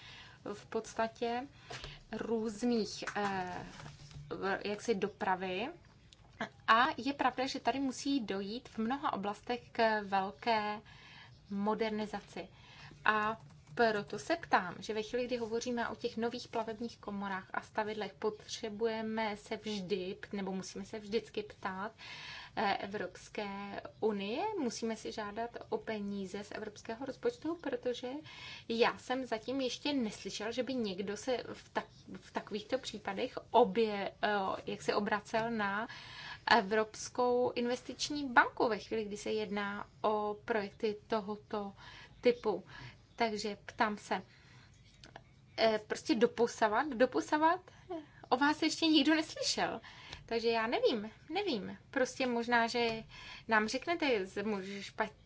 v podstatě různých eh, jaksi dopravy. A je pravda, že tady musí dojít v mnoha oblastech k velké modernizaci. A proto se ptám, že ve chvíli, kdy hovoříme o těch nových plavebních komorách a stavidlech, potřebujeme se vždy, nebo musíme se vždycky ptát, eh, Evropské unie. Musíme si žádat o peníze z evropského rozpočtu, protože já jsem zatím ještě neslyšel, že by někdo se v, tak, v takovýchto případech obě, eh, jak se obracel na Evropskou investiční banku ve chvíli, kdy se jedná o projekty tohoto typu. Takže ptám se, eh, prostě doposavat, doposavat, o vás ještě nikdo neslyšel. Takže já nevím, nevím. Prostě možná, že nám řeknete, že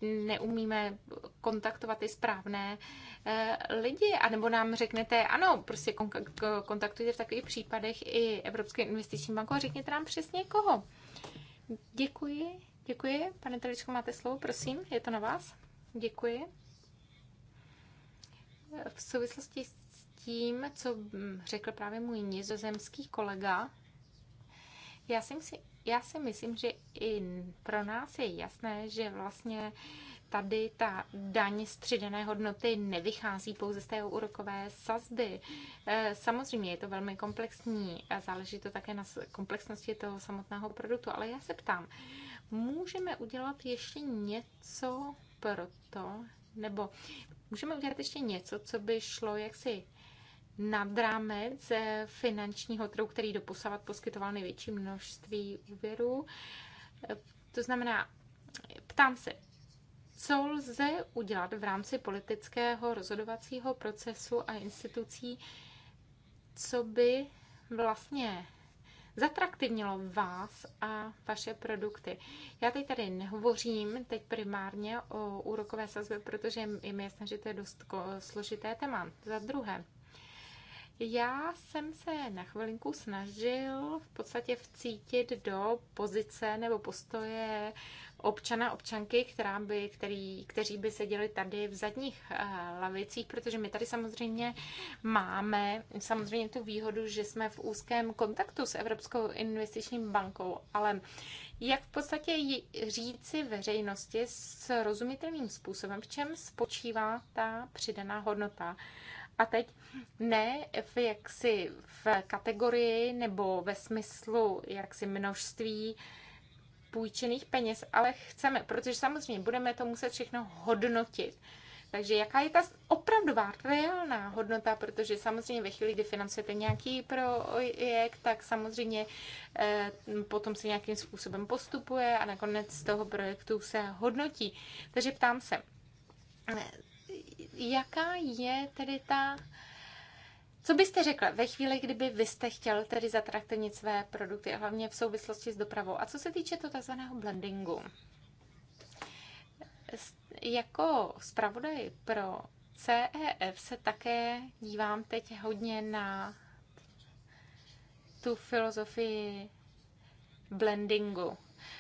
neumíme kontaktovat ty správné eh, lidi, anebo nám řeknete, ano, prostě kontaktujte v takových případech i Evropské investiční banku a řekněte nám přesně koho. Děkuji, děkuji. Pane Teličko, máte slovo, prosím, je to na vás. Děkuji v souvislosti s tím, co řekl právě můj nizozemský kolega, já si, myslím, já si myslím, že i pro nás je jasné, že vlastně tady ta daň z přidané hodnoty nevychází pouze z té úrokové sazby. Eh, samozřejmě je to velmi komplexní a záleží to také na komplexnosti toho samotného produktu, ale já se ptám, můžeme udělat ještě něco pro to, nebo Můžeme udělat ještě něco, co by šlo jaksi nad rámec eh, finančního trhu, který doposavat poskytoval největší množství úvěrů. Eh, to znamená, ptám se, co lze udělat v rámci politického rozhodovacího procesu a institucí, co by vlastně zatraktivnilo vás a vaše produkty. Já teď tady nehovořím teď primárně o úrokové sazbě, protože jim je jasné, že to je dost složité téma. Za druhé, já jsem se na chvilinku snažil v podstatě vcítit do pozice nebo postoje občana, občanky, která by, který, kteří by seděli tady v zadních eh, lavicích, protože my tady samozřejmě máme samozřejmě tu výhodu, že jsme v úzkém kontaktu s Evropskou investiční bankou, ale jak v podstatě říci veřejnosti s rozumitelným způsobem, v čem spočívá ta přidaná hodnota. A teď ne v jaksi v kategorii nebo ve smyslu jaksi množství půjčených peněz, ale chceme, protože samozřejmě budeme to muset všechno hodnotit. Takže jaká je ta opravdová, reálná hodnota, protože samozřejmě ve chvíli, kdy financujete nějaký projekt, tak samozřejmě eh, potom se nějakým způsobem postupuje a nakonec z toho projektu se hodnotí. Takže ptám se, eh, jaká je tedy ta co byste řekla ve chvíli, kdyby vy jste chtěl tedy zatraktivnit své produkty, hlavně v souvislosti s dopravou? A co se týče toho tzv. blendingu? Jako zpravodaj pro CEF se také dívám teď hodně na tu filozofii blendingu.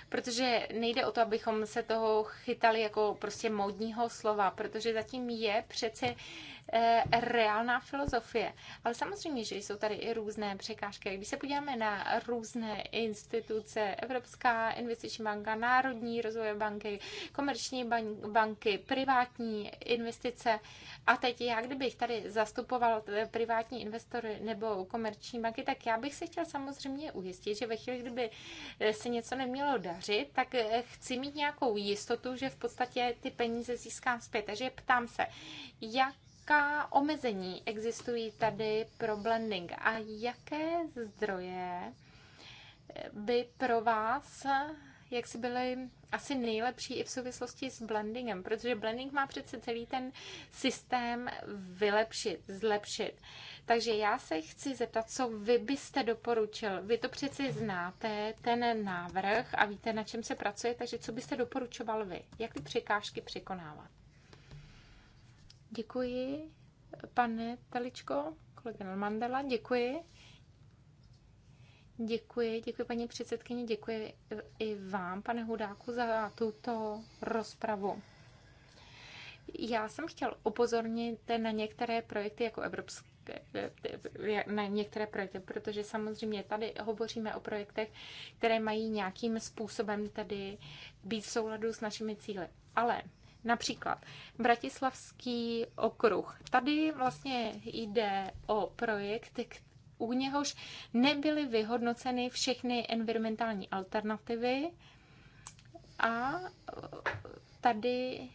Protože nejde o to, abychom se toho chytali jako prostě módního slova, protože zatím je přece Eh, reálná filozofie. Ale samozřejmě, že jsou tady i různé překážky. Když se podíváme na různé instituce, Evropská investiční banka, Národní rozvojové banky, komerční banky, privátní investice. A teď já, kdybych tady zastupoval privátní investory nebo komerční banky, tak já bych se chtěl samozřejmě ujistit, že ve chvíli, kdyby eh, se něco nemělo dařit, tak eh, chci mít nějakou jistotu, že v podstatě ty peníze získám zpět. Takže ptám se, jak jaká omezení existují tady pro blending a jaké zdroje eh, by pro vás jak si byly asi nejlepší i v souvislosti s blendingem, protože blending má přece celý ten systém vylepšit, zlepšit. Takže já se chci zeptat, co vy byste doporučil. Vy to přeci znáte, ten návrh a víte, na čem se pracuje, takže co byste doporučoval vy? Jak ty překážky překonávat? Děkuji, pane Taličko, kolega Mandela, děkuji. Děkuji, děkuji paní předsedkyni, děkuji i vám, pane Hudáku, za tuto rozpravu. Já jsem chtěl upozornit na některé projekty jako Evropské na některé projekty, protože samozřejmě tady hovoříme o projektech, které mají nějakým způsobem tady být v souladu s našimi cíly. Ale Například Bratislavský okruh. Tady vlastně jde o projekt, u něhož nebyly vyhodnoceny všechny environmentální alternativy a tady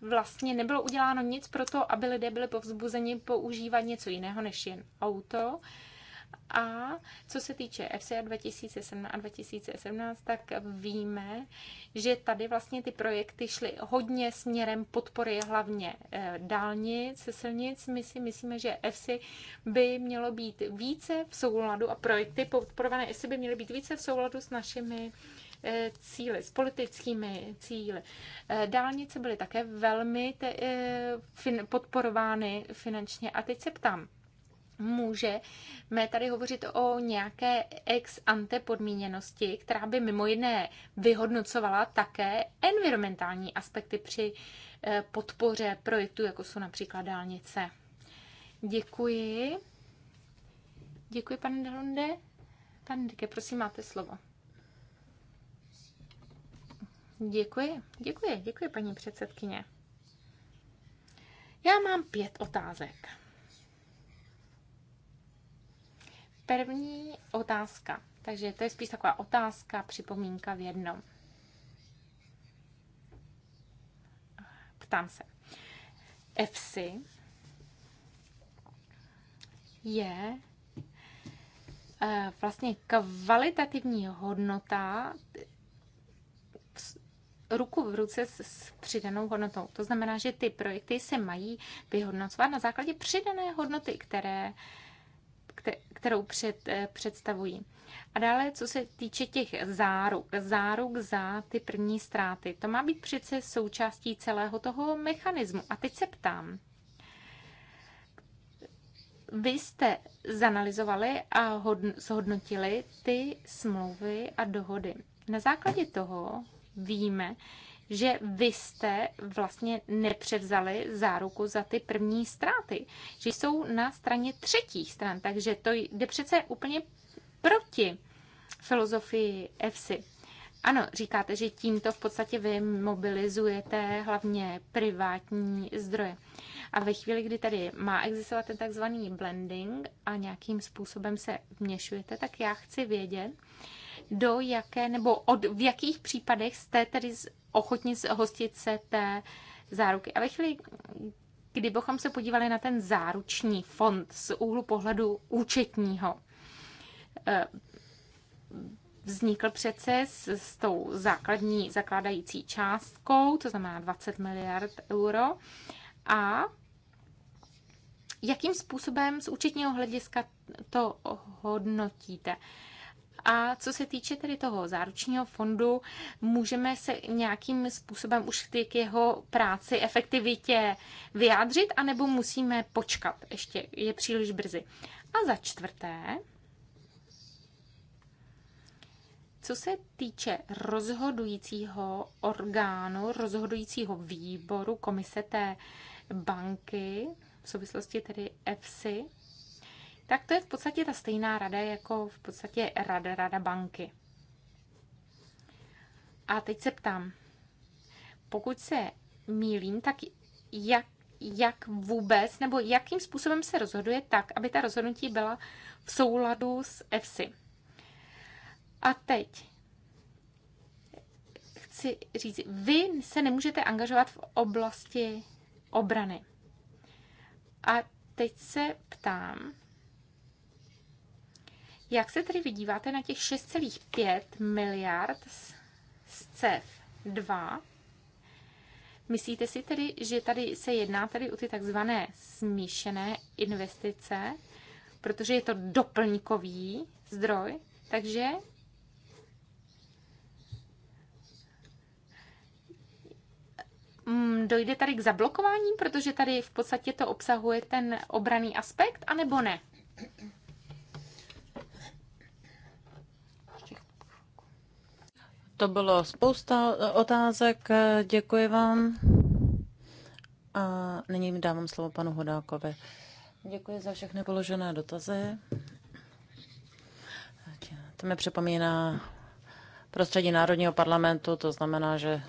vlastně nebylo uděláno nic pro to, aby lidé byli povzbuzeni používat něco jiného než jen auto. A co se týče FCA 2007 a 2017, tak víme, že tady vlastně ty projekty šly hodně směrem podpory hlavně eh, dálnic, silnic. My si myslíme, že FCA by mělo být více v souladu a projekty podporované FCA by měly být více v souladu s našimi eh, cíly, s politickými cíly. Eh, dálnice byly také velmi podporovány finančně. A teď se ptám, můžeme tady hovořit o nějaké ex ante podmíněnosti, která by mimo jiné vyhodnocovala také environmentální aspekty při eh, podpoře projektu, jako jsou například dálnice. Děkuji. Děkuji, pane Dalonde. Pane Dike, prosím, máte slovo. Děkuji, děkuji, děkuji, paní předsedkyně. Já mám pět otázek. První otázka. Takže to je spíš taková otázka, připomínka v jednom. Ptám se. FC je eh, vlastně kvalitativní hodnota ruku v ruce s, přidanou hodnotou. To znamená, že ty projekty se mají vyhodnocovat na základě přidané hodnoty, které kterou před, eh, představují. A dále, co se týče těch záruk, záruk za ty první ztráty, to má být přece součástí celého toho mechanismu. A teď se ptám, vy jste zanalizovali a zhodnotili ty smlouvy a dohody. Na základě toho víme, že vy jste vlastně nepřevzali záruku za ty první ztráty, že jsou na straně třetích stran, takže to jde přece úplně proti filozofii EFSI. Ano, říkáte, že tímto v podstatě vy mobilizujete hlavně privátní zdroje. A ve chvíli, kdy tady má existovat ten takzvaný blending a nějakým způsobem se vměšujete, tak já chci vědět, do jaké nebo od, v jakých případech jste tedy ochotni hostit se té záruky. A ve chvíli, kdybychom se podívali na ten záruční fond z úhlu pohledu účetního, eh, vznikl přece s, s tou základní zakládající částkou, to znamená 20 miliard euro. A jakým způsobem z účetního hlediska to hodnotíte? A co se týče tedy toho záručního fondu, můžeme se nějakým způsobem už k jeho práci, efektivitě vyjádřit, anebo musíme počkat, ještě je příliš brzy. A za čtvrté, co se týče rozhodujícího orgánu, rozhodujícího výboru komise té banky, v souvislosti tedy EFSI, tak to je v podstatě ta stejná rada jako v podstatě rada, rada banky. A teď se ptám, pokud se mílím, tak jak, jak vůbec nebo jakým způsobem se rozhoduje tak, aby ta rozhodnutí byla v souladu s EFSI. A teď chci říct, vy se nemůžete angažovat v oblasti obrany. A teď se ptám, jak se tedy vydíváte na těch 6,5 miliard z, z CEF 2? Myslíte si tedy, že tady se jedná tady o ty takzvané smíšené investice, protože je to doplňkový zdroj, takže mm, dojde tady k zablokování, protože tady v podstatě to obsahuje ten obraný aspekt, anebo ne? To bylo spousta otázek. Děkuji vám. A nyní dávám slovo panu Hodákovi. Děkuji za všechny položené dotazy. To mi připomíná prostředí Národního parlamentu, to znamená, že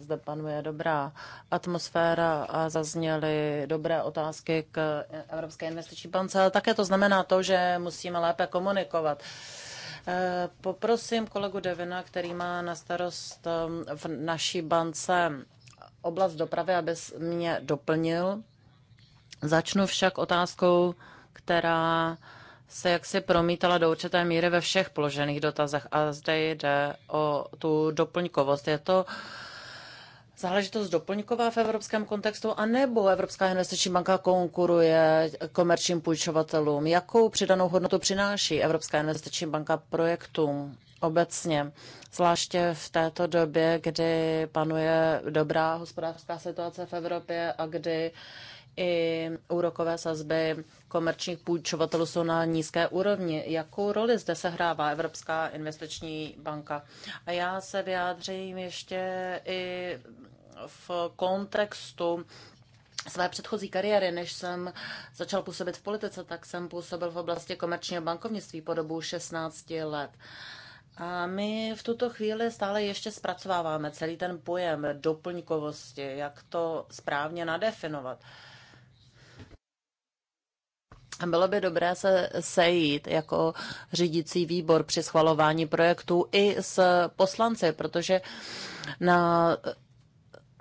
zde panuje dobrá atmosféra a zazněly dobré otázky k Evropské investiční bance, ale také to znamená to, že musíme lépe komunikovat. Eh, poprosím kolegu Devina, který má na starost v naší bance oblast dopravy, aby mě doplnil. Začnu však otázkou, která se jaksi promítala do určité míry ve všech položených dotazech a zde jde o tu doplňkovost. Je to uh, záležitost doplňková v evropském kontextu, anebo Evropská investiční banka konkuruje komerčním půjčovatelům? Jakou přidanou hodnotu přináší Evropská investiční banka projektům obecně, zvláště v této době, kdy panuje dobrá hospodářská situace v Evropě a kdy uh, i úrokové sazby komerčních půjčovatelů jsou na nízké úrovni. Jakou roli zde se hrává Evropská investiční banka? A já se vyjádřím ještě i v kontextu své předchozí kariéry, než jsem začal působit v politice, tak jsem působil v oblasti komerčního bankovnictví po dobu 16 let. A my v tuto chvíli stále ještě zpracováváme celý ten pojem doplňkovosti, jak to správně nadefinovat. Uh, bylo by dobré se sejít jako řídící výbor při schvalování projektů i s poslanci, protože na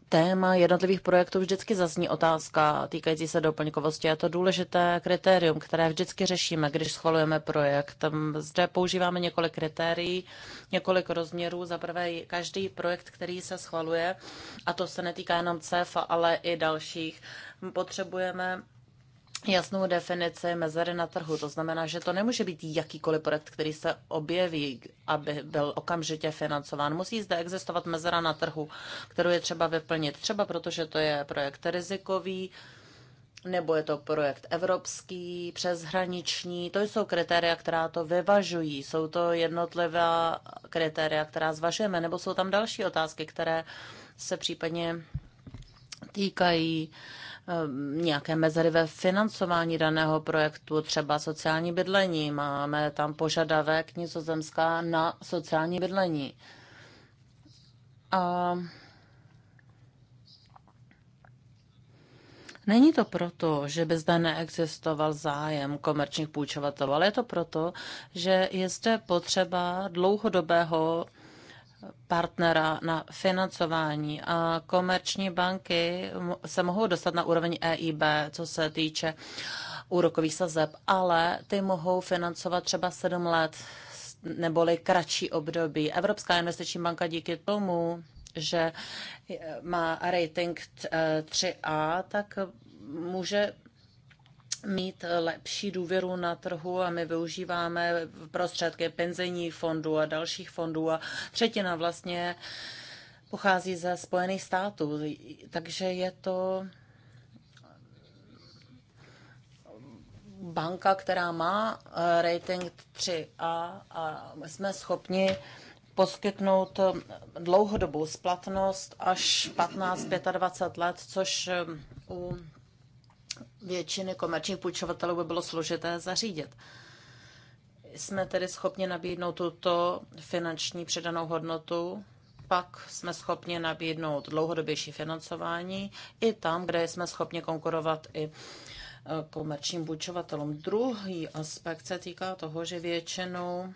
téma jednotlivých projektů vždycky zazní otázka týkající se doplňkovosti. Je to důležité kritérium, které vždycky řešíme, když schvalujeme projekt. Zde používáme několik kritérií, několik rozměrů. Za prvé, každý projekt, který se schvaluje, a to se netýká jenom CEF, ale i dalších, potřebujeme jasnou definici mezery na trhu. To znamená, že to nemůže být jakýkoliv projekt, který se objeví, aby byl okamžitě financován. Musí zde existovat mezera na trhu, kterou je třeba vyplnit. Třeba protože to je projekt rizikový, nebo je to projekt evropský, přeshraniční. To jsou kritéria, která to vyvažují. Jsou to jednotlivá kritéria, která zvažujeme, nebo jsou tam další otázky, které se případně týkají Ehm, nějaké mezery ve financování daného projektu, třeba sociální bydlení. Máme tam požadavek nizozemská na sociální bydlení. A Není to proto, že by zde neexistoval zájem komerčních půjčovatelů, ale je to proto, že je zde potřeba dlouhodobého partnera na financování a komerční banky se mohou dostat na úroveň EIB, co se týče úrokových sazeb, ale ty mohou financovat třeba sedm let neboli kratší období. Evropská investiční banka díky tomu, že má rating 3A, eh, tak může mít lepší důvěru na trhu a my využíváme prostředky penzení fondů a dalších fondů a třetina vlastně pochází ze Spojených států. Takže je to banka, která má eh, rating 3A a jsme schopni poskytnout eh, dlouhodobou splatnost až 15-25 let, což eh, u většiny komerčních půjčovatelů by bylo složité zařídit. Jsme tedy schopni nabídnout tuto finanční předanou hodnotu, pak jsme schopni nabídnout dlouhodobější financování i tam, kde jsme schopni konkurovat i e, komerčním půjčovatelům. Druhý aspekt se týká toho, že většinou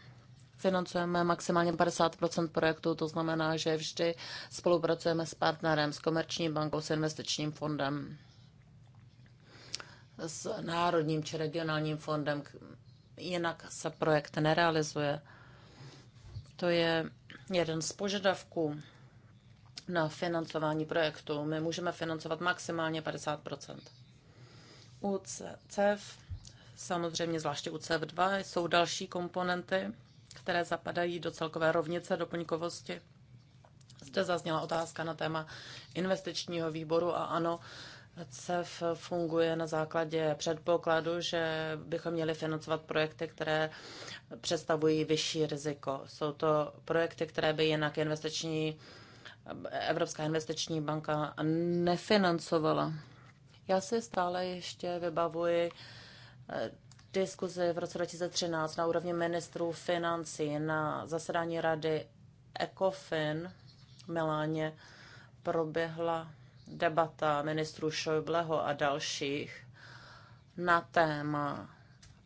financujeme maximálně 50 projektů, to znamená, že vždy spolupracujeme s partnerem, s komerční bankou, s investičním fondem s Národním či regionálním fondem, jinak se projekt nerealizuje. To je jeden z požadavků na financování projektu. My můžeme financovat maximálně 50 U CEF, samozřejmě zvláště u CEF2, jsou další komponenty, které zapadají do celkové rovnice doplňkovosti. Zde zazněla otázka na téma investičního výboru a ano, CEF funguje na základě předpokladu, že bychom měli financovat projekty, které představují vyšší riziko. Jsou to projekty, které by jinak investiční, Evropská investiční banka nefinancovala. Já si stále ještě vybavuji eh, diskuzi v roce 2013 na úrovni ministrů financí na zasedání rady ECOFIN v Miláně proběhla debata ministru Šojbleho a dalších na téma,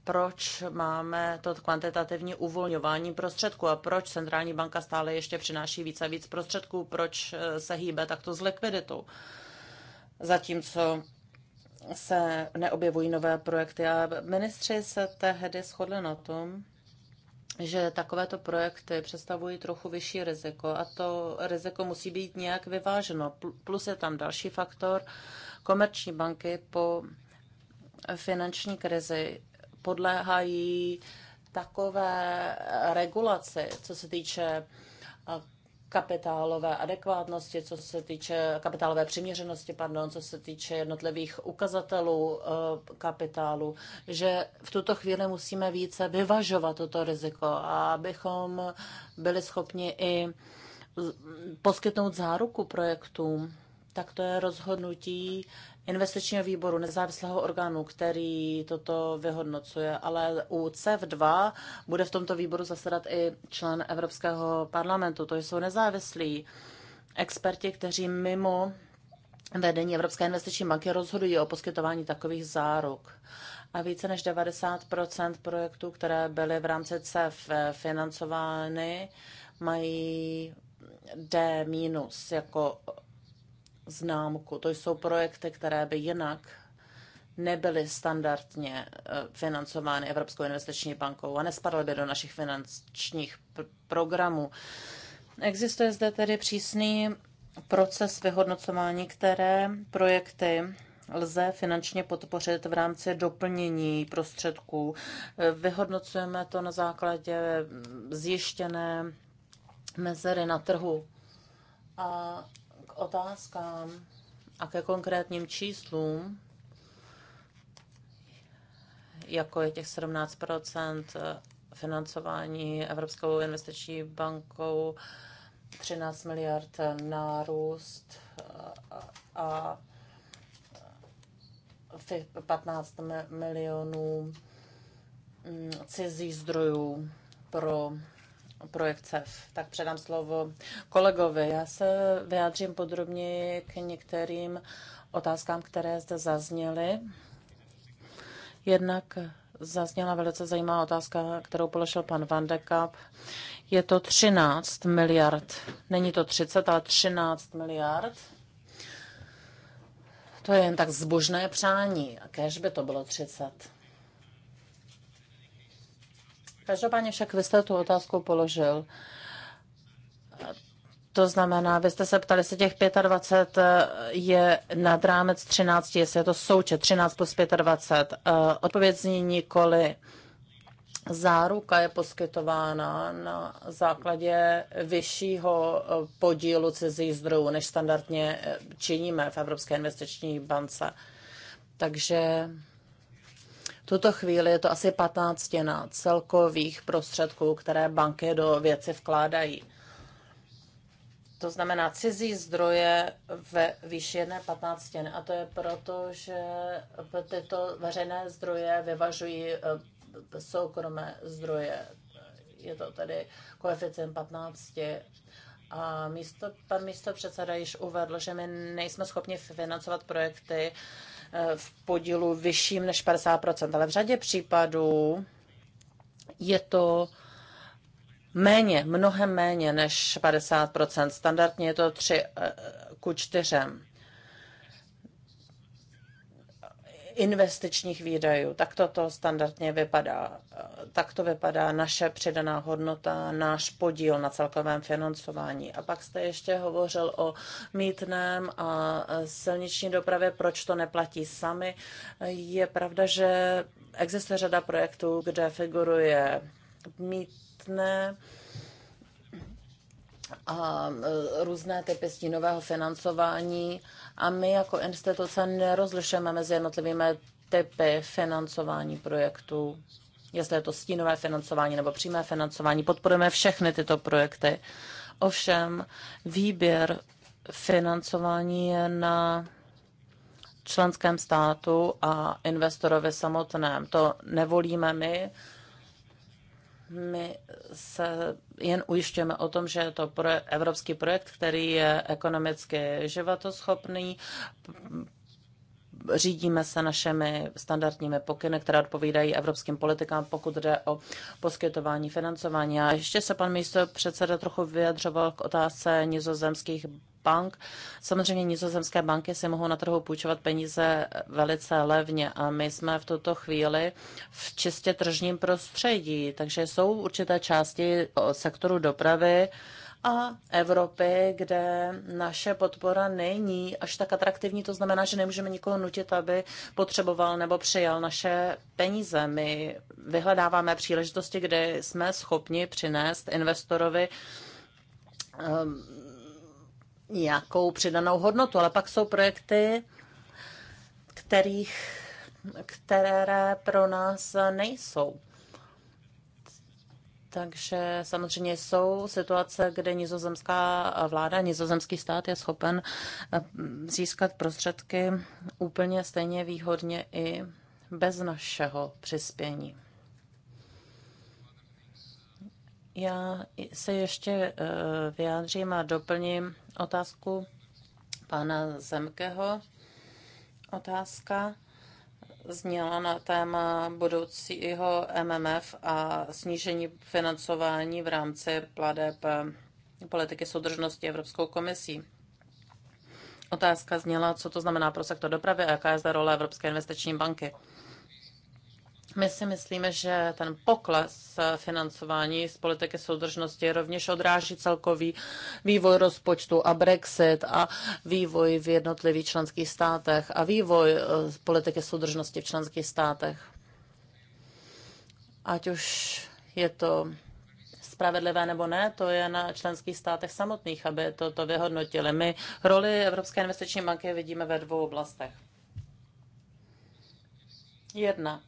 proč máme to kvantitativní uvolňování prostředků a proč centrální banka stále ještě přináší více a víc prostředků, proč eh, se hýbe takto s likviditou. Zatímco se neobjevují nové projekty. A ministři se tehdy shodli na tom, že takovéto projekty představují trochu vyšší riziko a to riziko musí být nějak vyváženo. Plus je tam další faktor. Komerční banky po finanční krizi podléhají takové regulaci, co se týče kapitálové adekvátnosti, co se týče kapitálové přiměřenosti, pardon, co se týče jednotlivých ukazatelů eh, kapitálu, že v tuto chvíli musíme více vyvažovat toto riziko a abychom byli schopni i poskytnout záruku projektům, tak to je rozhodnutí investičního výboru, nezávislého orgánu, který toto vyhodnocuje, ale u CEF2 bude v tomto výboru zasedat i člen Evropského parlamentu. To jsou nezávislí experti, kteří mimo vedení Evropské investiční banky rozhodují o poskytování takových záruk. A více než 90 projektů, které byly v rámci CEF financovány, mají D- jako známku. To jsou projekty, které by jinak nebyly standardně eh, financovány Evropskou investiční bankou a nespadaly by do našich finančních pr- programů. Existuje zde tedy přísný proces vyhodnocování, které projekty lze finančně podpořit v rámci doplnění prostředků. Eh, vyhodnocujeme to na základě zjištěné mezery na trhu. A otázkám a ke konkrétním číslům, jako je těch 17 financování Evropskou investiční bankou, 13 miliard nárůst a 15 milionů mm, cizích zdrojů pro projekt CEF. Tak předám slovo kolegovi. Já se vyjádřím podrobněji k některým otázkám, které zde zazněly. Jednak zazněla velice zajímavá otázka, kterou položil pan Van de Kapp. Je to 13 miliard. Není to 30, ale 13 miliard. To je jen tak zbožné přání. A kež by to bylo 30. Každopádně však vy jste tu otázku položil. To znamená, vy jste se ptali, jestli těch 25 eh, je nad rámec 13, jestli je to součet 13 plus 25. Eh, odpověď zní nikoli. Záruka je poskytována na základě vyššího eh, podílu cizích zdrojů, než standardně činíme v Evropské investiční bance. Takže tuto chvíli je to asi 15 na celkových prostředků, které banky do věci vkládají. To znamená cizí zdroje ve výši jedné patnáctiny. A to je proto, že tyto veřejné zdroje vyvažují eh, soukromé zdroje. Je to tedy koeficient 15. A místo, pan místo předseda již uvedl, že my nejsme schopni financovat projekty, Eh, v podílu vyšším než 50%, ale v řadě případů je to méně, mnohem méně než 50%. Standardně je to 3 eh, ku 4. investičních výdajů. Tak to to standardně vypadá. Tak to vypadá naše přidaná hodnota, náš podíl na celkovém financování. A pak jste ještě hovořil o mítném a silniční dopravě, proč to neplatí sami. Je pravda, že existuje řada projektů, kde figuruje mítné, a e, různé typy stínového financování a my jako instituce nerozlišujeme mezi jednotlivými typy financování projektů, jestli je to stínové financování nebo přímé financování. Podporujeme všechny tyto projekty. Ovšem výběr financování je na členském státu a investorovi samotném. To nevolíme my, my se jen ujišťujeme o tom, že je to pro evropský projekt, který je ekonomicky životoschopný. Řídíme se našimi standardními pokyny, které odpovídají evropským politikám, pokud jde o poskytování financování. A ještě se pan místo předseda trochu vyjadřoval k otázce nizozemských bank. Samozřejmě nizozemské banky si mohou na trhu půjčovat peníze velice levně a my jsme v tuto chvíli v čistě tržním prostředí, takže jsou určité části sektoru dopravy, a Evropy, kde naše podpora není až tak atraktivní. To znamená, že nemůžeme nikoho nutit, aby potřeboval nebo přijal naše peníze. My vyhledáváme příležitosti, kde jsme schopni přinést investorovi nějakou přidanou hodnotu, ale pak jsou projekty, kterých, které pro nás nejsou. Takže samozřejmě jsou situace, kde nizozemská vláda, nizozemský stát je schopen eh, získat prostředky úplně stejně výhodně i bez našeho přispění. Já se ještě eh, vyjádřím a doplním otázku pana Zemkeho. Otázka zněla na téma budoucího MMF a snížení financování v rámci pladeb eh, politiky soudržnosti Evropskou komisí. Otázka zněla, co to znamená pro sektor dopravy a jaká je zda role Evropské investiční banky. My si myslíme, že ten pokles financování z politiky soudržnosti rovněž odráží celkový vývoj rozpočtu a Brexit a vývoj v jednotlivých členských státech a vývoj eh, politiky soudržnosti v členských státech. Ať už je to spravedlivé nebo ne, to je na členských státech samotných, aby to, to vyhodnotili. My roli Evropské investiční banky vidíme ve dvou oblastech. Jednak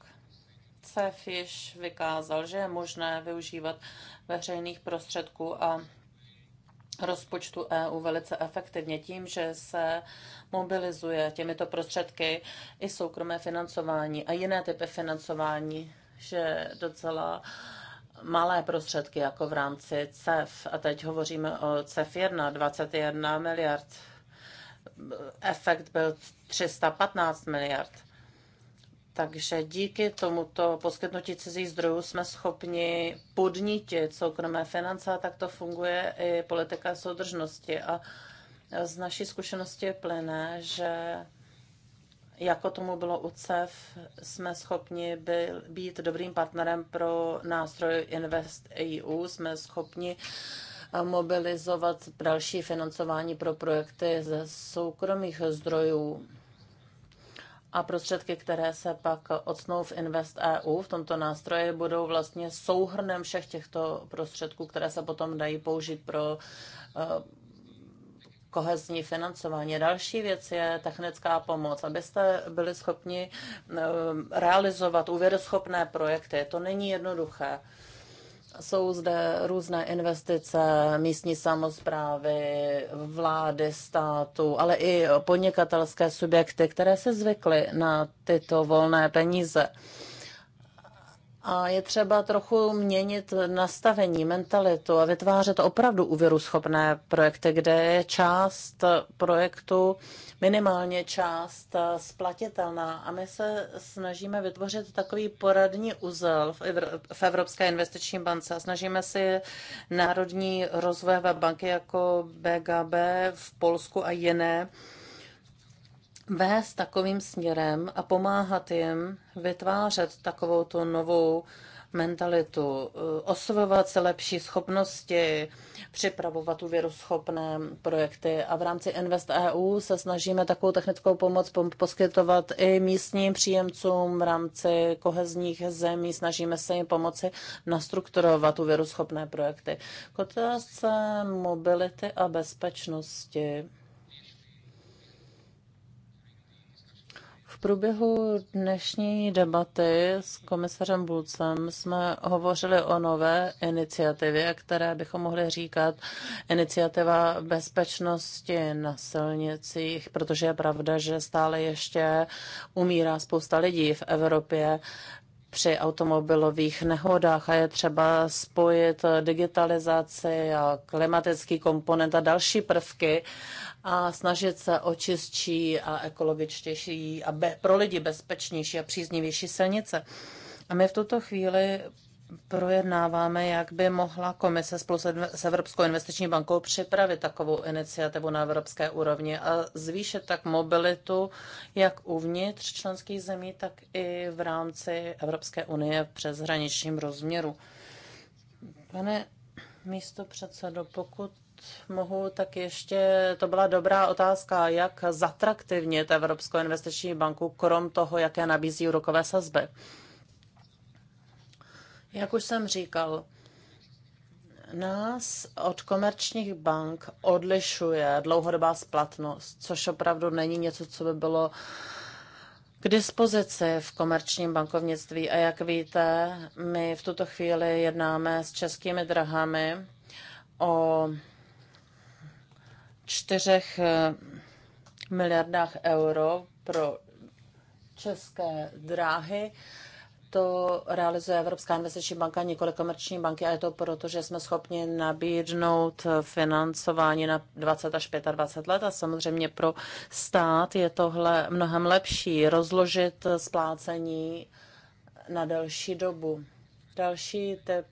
MFF již vykázal, že je možné využívat veřejných prostředků a rozpočtu EU velice efektivně tím, že se mobilizuje těmito prostředky i soukromé financování a jiné typy financování, že docela malé prostředky, jako v rámci CEF, a teď hovoříme o CEF 1, 21 miliard, efekt byl 315 miliard. Takže díky tomuto poskytnutí cizích zdrojů jsme schopni podnítit soukromé finance a tak to funguje i politika soudržnosti. A z naší zkušenosti plyne, že jako tomu bylo u CEF, jsme schopni byl, být dobrým partnerem pro nástroj Invest EU, jsme schopni eh, mobilizovat další financování pro projekty ze soukromých zdrojů a prostředky, které se pak odsnou v Invest EU v tomto nástroji, budou vlastně souhrnem všech těchto prostředků, které se potom dají použít pro eh, kohezní financování. Další věc je technická pomoc. Abyste byli schopni eh, realizovat úvěroschopné projekty, to není jednoduché. Jsou zde různé investice místní samozprávy, vlády státu, ale i podnikatelské subjekty, které se zvykly na tyto volné peníze. A je třeba trochu měnit nastavení, mentalitu a vytvářet opravdu úvěruschopné projekty, kde je část projektu, minimálně část splatitelná. A my se snažíme vytvořit takový poradní uzel v Evropské investiční bance. Snažíme si národní rozvojové banky jako BGB v Polsku a jiné vést takovým směrem a pomáhat jim vytvářet takovou tu novou mentalitu, eh, osvojovat se lepší schopnosti, připravovat úvěruschopné projekty a v rámci Invest EU se snažíme takovou technickou pomoc poskytovat i místním příjemcům v rámci kohezních zemí, snažíme se jim pomoci nastrukturovat úvěruschopné projekty. K otázce mobility a bezpečnosti V průběhu dnešní debaty s komisařem Bulcem jsme hovořili o nové iniciativě, které bychom mohli říkat iniciativa bezpečnosti na silnicích, protože je pravda, že stále ještě umírá spousta lidí v Evropě při automobilových nehodách a je třeba spojit digitalizaci a klimatický komponent a další prvky a snažit se o čistší a ekologičtější a be, pro lidi bezpečnější a příznivější silnice. A my v tuto chvíli projednáváme, jak by mohla komise spolu s Evropskou investiční bankou připravit takovou iniciativu na evropské úrovni a zvýšit tak mobilitu jak uvnitř členských zemí, tak i v rámci Evropské unie v přeshraničním rozměru. Pane místo předsedo, pokud mohu, tak ještě to byla dobrá otázka, jak zatraktivnit Evropskou investiční banku, krom toho, jaké nabízí úrokové sazby. Jak už jsem říkal, nás od komerčních bank odlišuje dlouhodobá splatnost, což opravdu není něco, co by bylo k dispozici v komerčním bankovnictví. A jak víte, my v tuto chvíli jednáme s českými drahami o čtyřech eh, miliardách euro pro české dráhy to realizuje Evropská investiční banka, nikoli komerční banky, a je to proto, že jsme schopni nabídnout financování na 20 až 25 let a samozřejmě pro stát je tohle mnohem lepší rozložit splácení na delší dobu. Další typ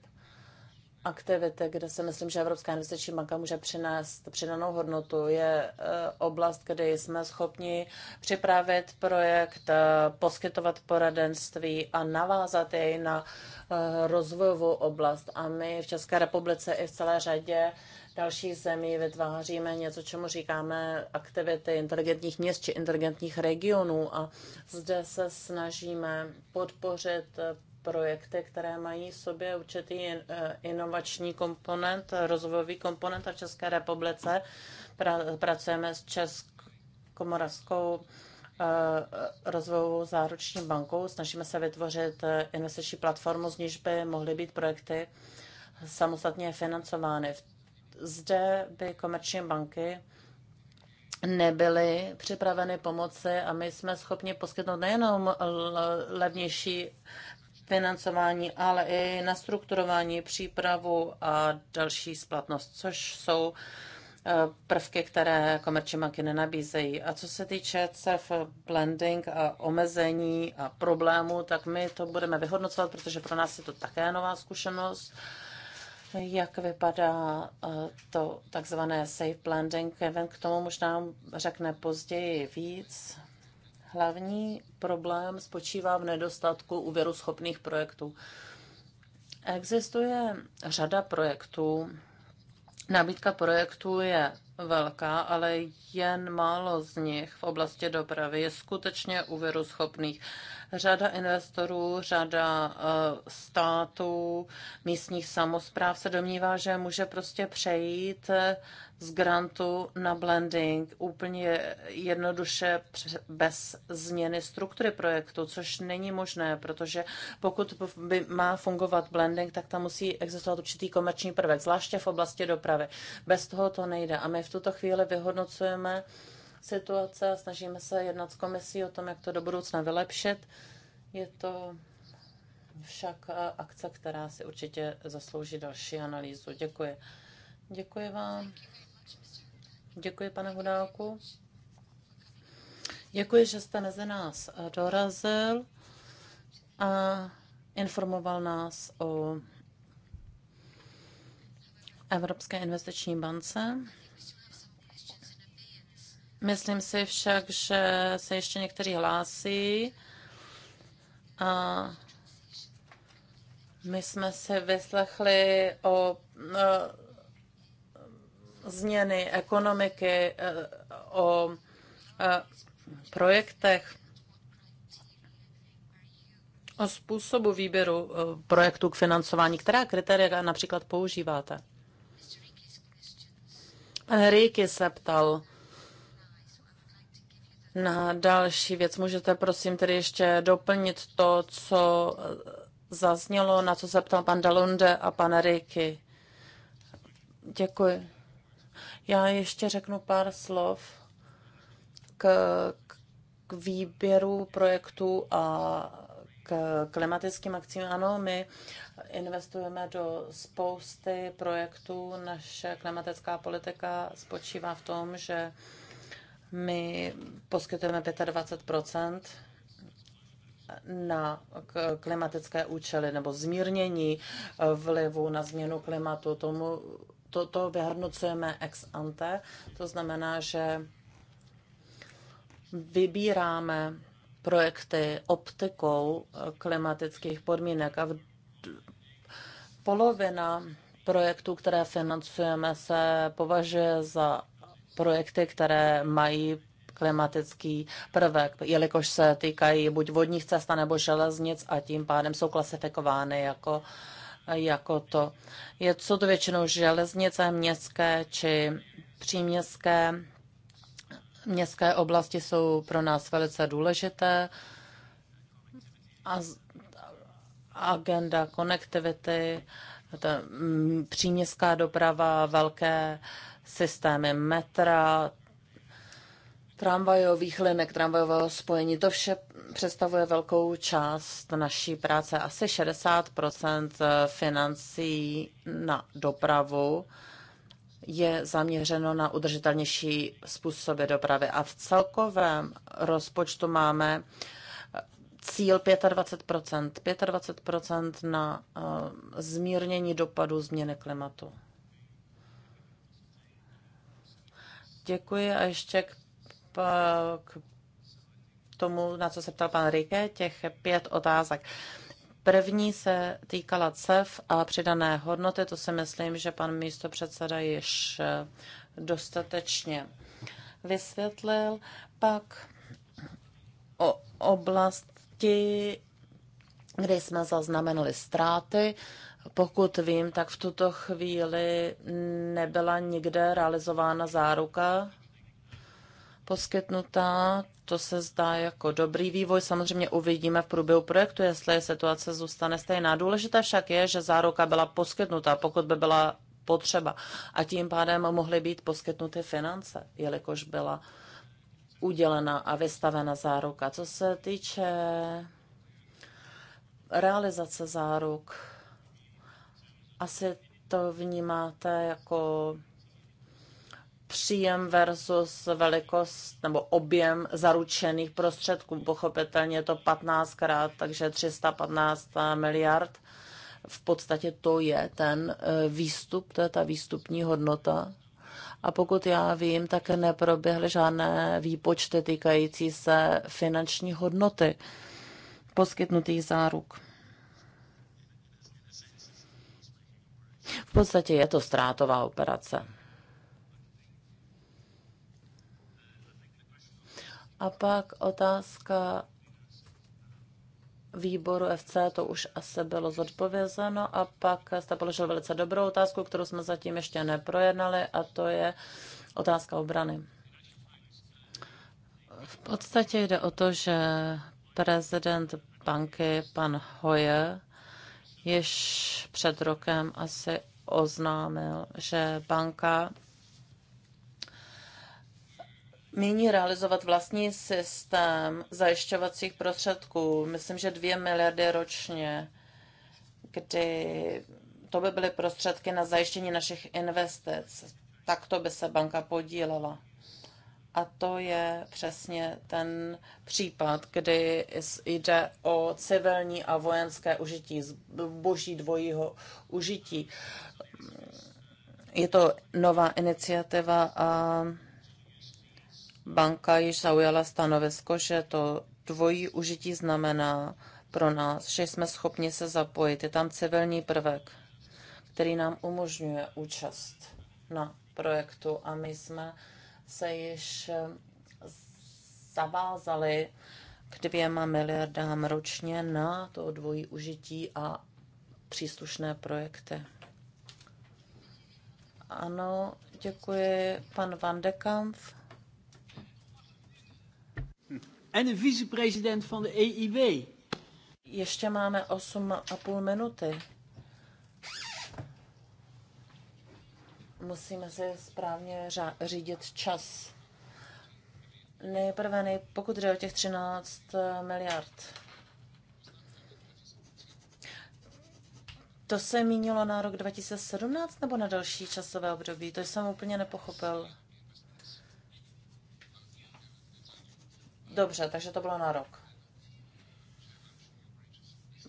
aktivity, kde si myslím, že Evropská investiční banka může přinést přidanou hodnotu, je e, oblast, kde jsme schopni připravit projekt, e, poskytovat poradenství a navázat jej na e, rozvojovou oblast. A my v České republice i v celé řadě dalších zemí vytváříme něco, čemu říkáme aktivity inteligentních měst či inteligentních regionů. A zde se snažíme podpořit projekty, které mají v sobě určitý eh, inovační komponent, rozvojový komponent a v České republice pra, pracujeme s Českomoravskou eh, rozvojovou záruční bankou. Snažíme se vytvořit eh, investiční platformu, z níž by mohly být projekty samostatně financovány. Zde by komerční banky nebyly připraveny pomoci a my jsme schopni poskytnout nejenom levnější financování, ale i na strukturování, přípravu a další splatnost, což jsou eh, prvky, které komerční banky nenabízejí. A co se týče CEF blending a omezení a problémů, tak my to budeme vyhodnocovat, protože pro nás je to také nová zkušenost. Jak vypadá eh, to takzvané safe blending? Kevin k tomu možná řekne později víc. Hlavní problém spočívá v nedostatku úvěru schopných projektů. Existuje řada projektů, nabídka projektů je velká, ale jen málo z nich v oblasti dopravy je skutečně úvěru schopných. Řada investorů, řada eh, států, místních samozpráv se domnívá, že může prostě přejít eh, z grantu na blending úplně jednoduše bez změny struktury projektu, což není možné, protože pokud by má fungovat blending, tak tam musí existovat určitý komerční prvek, zvláště v oblasti dopravy. Bez toho to nejde a my v tuto chvíli vyhodnocujeme, situace a snažíme se jednat s komisí o tom, jak to do budoucna vylepšit. Je to však akce, která si určitě zaslouží další analýzu. Děkuji. Děkuji vám. Děkuji, pane Hudáku. Děkuji, že jste mezi nás dorazil a informoval nás o Evropské investiční bance. Myslím si však, že se ještě někteří hlásí. A my jsme si vyslechli o e, změny ekonomiky, e, o e, projektech, o způsobu výběru projektů k financování. Která kritéria například používáte? Pan Ríky se ptal na další věc. Můžete prosím tedy ještě doplnit to, co zaznělo, na co se ptal pan Dalunde a pan Riky. Děkuji. Já ještě řeknu pár slov k, k výběru projektů a k klimatickým akcím. Ano, my investujeme do spousty projektů. Naše klimatická politika spočívá v tom, že my poskytujeme 25 na klimatické účely nebo zmírnění eh, vlivu na změnu klimatu. Tomu, to, to vyhodnocujeme ex ante. To znamená, že vybíráme projekty optikou eh, klimatických podmínek a v, polovina projektů, které financujeme, se považuje za projekty, které mají klimatický prvek, jelikož se týkají buď vodních cest nebo železnic a tím pádem jsou klasifikovány jako, jako to. Je, jsou to většinou železnice městské či příměstské. Městské oblasti jsou pro nás velice důležité a agenda konektivity, mm, příměstská doprava, velké systémy metra, tramvajových linek, tramvajového spojení. To vše představuje velkou část naší práce, asi 60 eh, financí na dopravu je zaměřeno na udržitelnější způsoby dopravy. A v celkovém rozpočtu máme eh, cíl 25 25 na eh, zmírnění dopadu změny klimatu. Děkuji a ještě k, k tomu, na co se ptal pan Rike, těch pět otázek. První se týkala CEF a přidané hodnoty. To si myslím, že pan místo předseda již eh, dostatečně vysvětlil. Pak o oblasti, kde jsme zaznamenali ztráty. Pokud vím, tak v tuto chvíli nebyla nikde realizována záruka poskytnutá. To se zdá jako dobrý vývoj. Samozřejmě uvidíme v průběhu projektu, jestli situace zůstane stejná. Důležité však je, že záruka byla poskytnutá, pokud by byla potřeba. A tím pádem mohly být poskytnuty finance, jelikož byla udělena a vystavena záruka. Co se týče realizace záruk, asi to vnímáte jako příjem versus velikost nebo objem zaručených prostředků. Pochopitelně je to 15krát, takže 315 miliard. V podstatě to je ten e, výstup, to je ta výstupní hodnota. A pokud já vím, tak neproběhly žádné výpočty týkající se finanční hodnoty poskytnutých záruk. V podstatě je to ztrátová operace. A pak otázka výboru FC, to už asi bylo zodpovězeno. A pak jste položil velice dobrou otázku, kterou jsme zatím ještě neprojednali, a to je otázka obrany. V podstatě jde o to, že prezident banky, pan Hoyer, již před rokem asi oznámil, že banka míní realizovat vlastní systém zajišťovacích prostředků, myslím, že dvě miliardy ročně, kdy to by byly prostředky na zajištění našich investic. Tak to by se banka podílela. A to je přesně ten případ, kdy jde o civilní a vojenské užití, boží dvojího užití. Je to nová iniciativa a banka již zaujala stanovisko, že to dvojí užití znamená pro nás, že jsme schopni se zapojit. Je tam civilní prvek, který nám umožňuje účast na projektu a my jsme se již eh, zavázali k dvěma miliardám ročně na to dvojí užití a příslušné projekty. Ano, děkuji. Pan Van de Kamp. En een viceprezident van de EIB. Ještě máme 8,5 minuty. musíme si správně řídit čas. Nejprve, nej, pokud jde o těch 13 eh, miliard, To se mínilo na rok 2017 nebo na další časové období? To jsem úplně nepochopil. Dobře, takže to bylo na rok.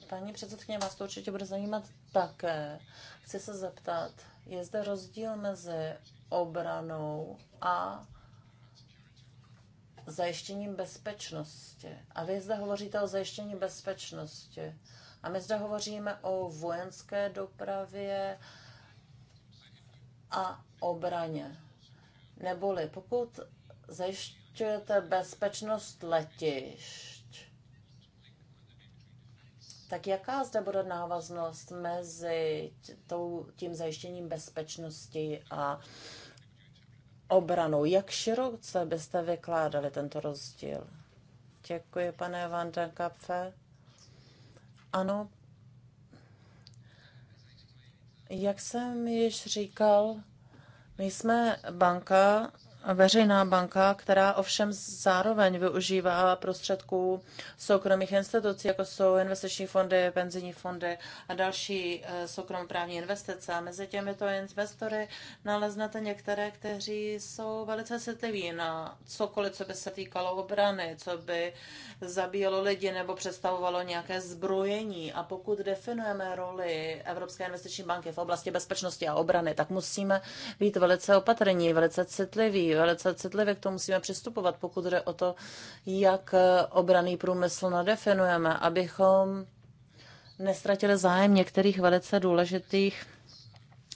Paní předsedkyně, vás to určitě bude zajímat také. Chci se zeptat, je zde rozdíl mezi obranou a zajištěním bezpečnosti. A vy zde hovoříte o zajištění bezpečnosti. A my zde hovoříme o vojenské dopravě a obraně. Neboli pokud zajišťujete bezpečnost letišť, tak jaká zde bude návaznost mezi tím zajištěním bezpečnosti a obranou? Jak široce byste vykládali tento rozdíl? Děkuji, pane Van den Kapfe. Ano, jak jsem již říkal, my jsme banka veřejná banka, která ovšem zároveň využívá prostředků soukromých institucí, jako jsou investiční fondy, penzijní fondy a další eh, soukromoprávní investice. A mezi těmito investory naleznete některé, kteří jsou velice citliví na cokoliv, co by se týkalo obrany, co by zabíjelo lidi nebo představovalo nějaké zbrojení. A pokud definujeme roli Evropské investiční banky v oblasti bezpečnosti a obrany, tak musíme být velice opatrní, velice citliví velice citlivě k tomu musíme přistupovat, pokud jde o to, jak eh, obraný průmysl nadefinujeme, abychom nestratili zájem některých velice důležitých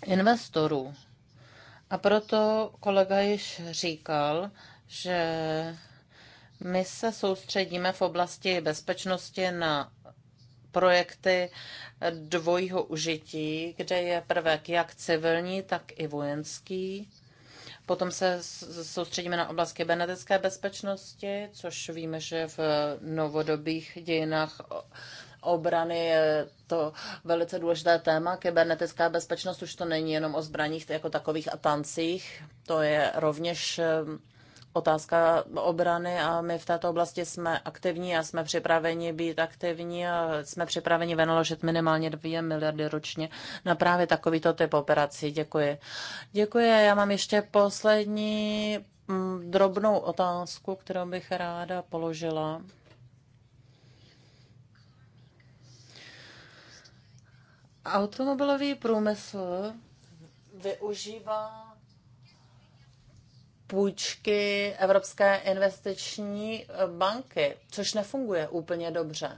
investorů. A proto kolega již říkal, že my se soustředíme v oblasti bezpečnosti na projekty dvojího užití, kde je prvek jak civilní, tak i vojenský. Potom se soustředíme na oblast kybernetické bezpečnosti, což víme, že v novodobých dějinách obrany je to velice důležité téma. Kybernetická bezpečnost už to není jenom o zbraních jako takových a tancích, to je rovněž otázka obrany a my v této oblasti jsme aktivní a jsme připraveni být aktivní a jsme připraveni vynaložit minimálně 2 miliardy ročně na právě takovýto typ operací. Děkuji. Děkuji. Já mám ještě poslední mm, drobnou otázku, kterou bych ráda položila. Automobilový průmysl využívá půjčky Evropské investiční eh, banky, což nefunguje úplně dobře.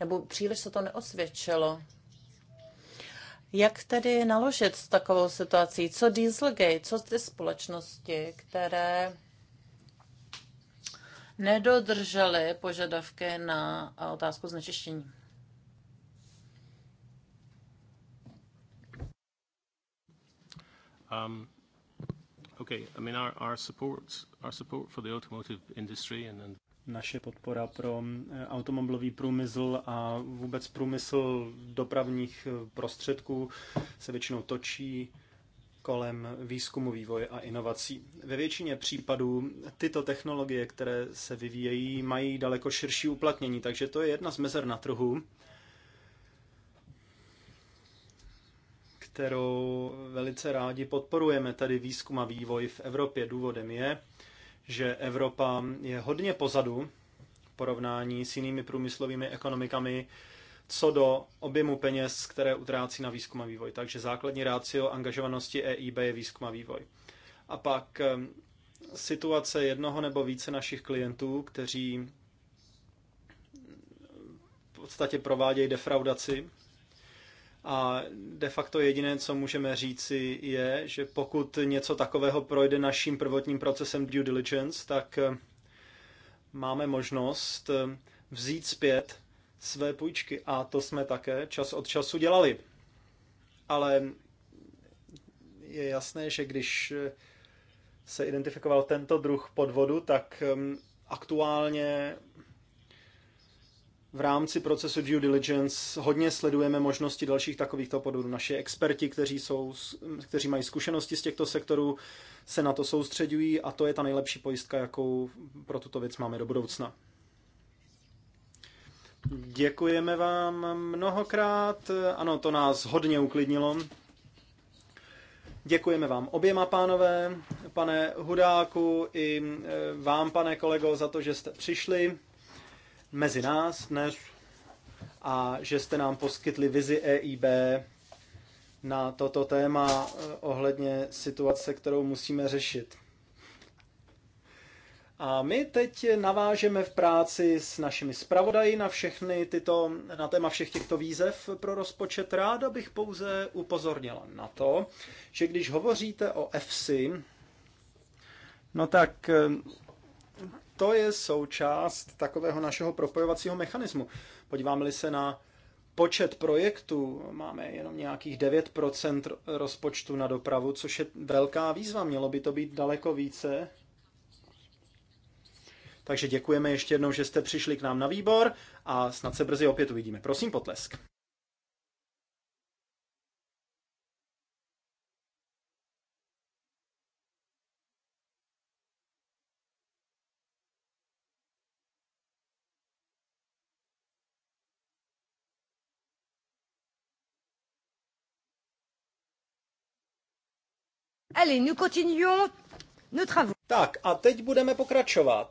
Nebo příliš se to neosvědčilo. Jak tedy naložit s takovou situací? Co Dieselgate, co ty společnosti, které nedodržely požadavky na eh, otázku znečištění? Um, Okay, I mean our, our support, our support for the automotive industry and, then naše podpora pro eh, automobilový průmysl a vůbec průmysl dopravních eh, prostředků se většinou točí kolem výzkumu, vývoje a inovací. Ve většině případů tyto technologie, které se vyvíjejí, mají daleko širší uplatnění, takže to je jedna z mezer na trhu, kterou velice rádi podporujeme, tady výzkum a vývoj v Evropě. Důvodem je, že Evropa je hodně pozadu v porovnání s jinými průmyslovými ekonomikami co do objemu peněz, které utrácí na výzkum a vývoj. Takže základní rácio angažovanosti EIB je výzkum a vývoj. A pak eh, situace jednoho nebo více našich klientů, kteří v podstatě provádějí defraudaci a de facto jediné, co můžeme říci, je, že pokud něco takového projde naším prvotním procesem due diligence, tak eh, máme možnost eh, vzít zpět své půjčky. A to jsme také čas od času dělali. Ale je jasné, že když eh, se identifikoval tento druh podvodu, tak aktuálně v rámci procesu due diligence hodně sledujeme možnosti dalších takovýchto podvodů. Naši experti, kteří, jsou, kteří mají zkušenosti z těchto sektorů, se na to soustředují a to je ta nejlepší pojistka, jakou pro tuto věc máme do budoucna. Děkujeme vám mnohokrát. Ano, to nás hodně uklidnilo. Děkujeme vám oběma pánové, pane Hudáku i e, vám, pane kolego, za to, že jste přišli mezi nás dnes a že jste nám poskytli vizi EIB na toto téma eh, ohledně situace, kterou musíme řešit. A my teď navážeme v práci s našimi zpravodaji na všechny tyto, na téma všech těchto výzev pro rozpočet. Ráda bych pouze upozornila na to, že když hovoříte o EFSI, no tak eh, to je součást takového našeho propojovacího mechanismu. Podíváme-li se na počet projektů, máme jenom nějakých 9% rozpočtu na dopravu, což je velká výzva, mělo by to být daleko více. Takže děkujeme ještě jednou, že jste přišli k nám na výbor a snad se brzy opět uvidíme. Prosím potlesk. Allez, nous continuons nos travaux. Tak a teď budeme pokračovat.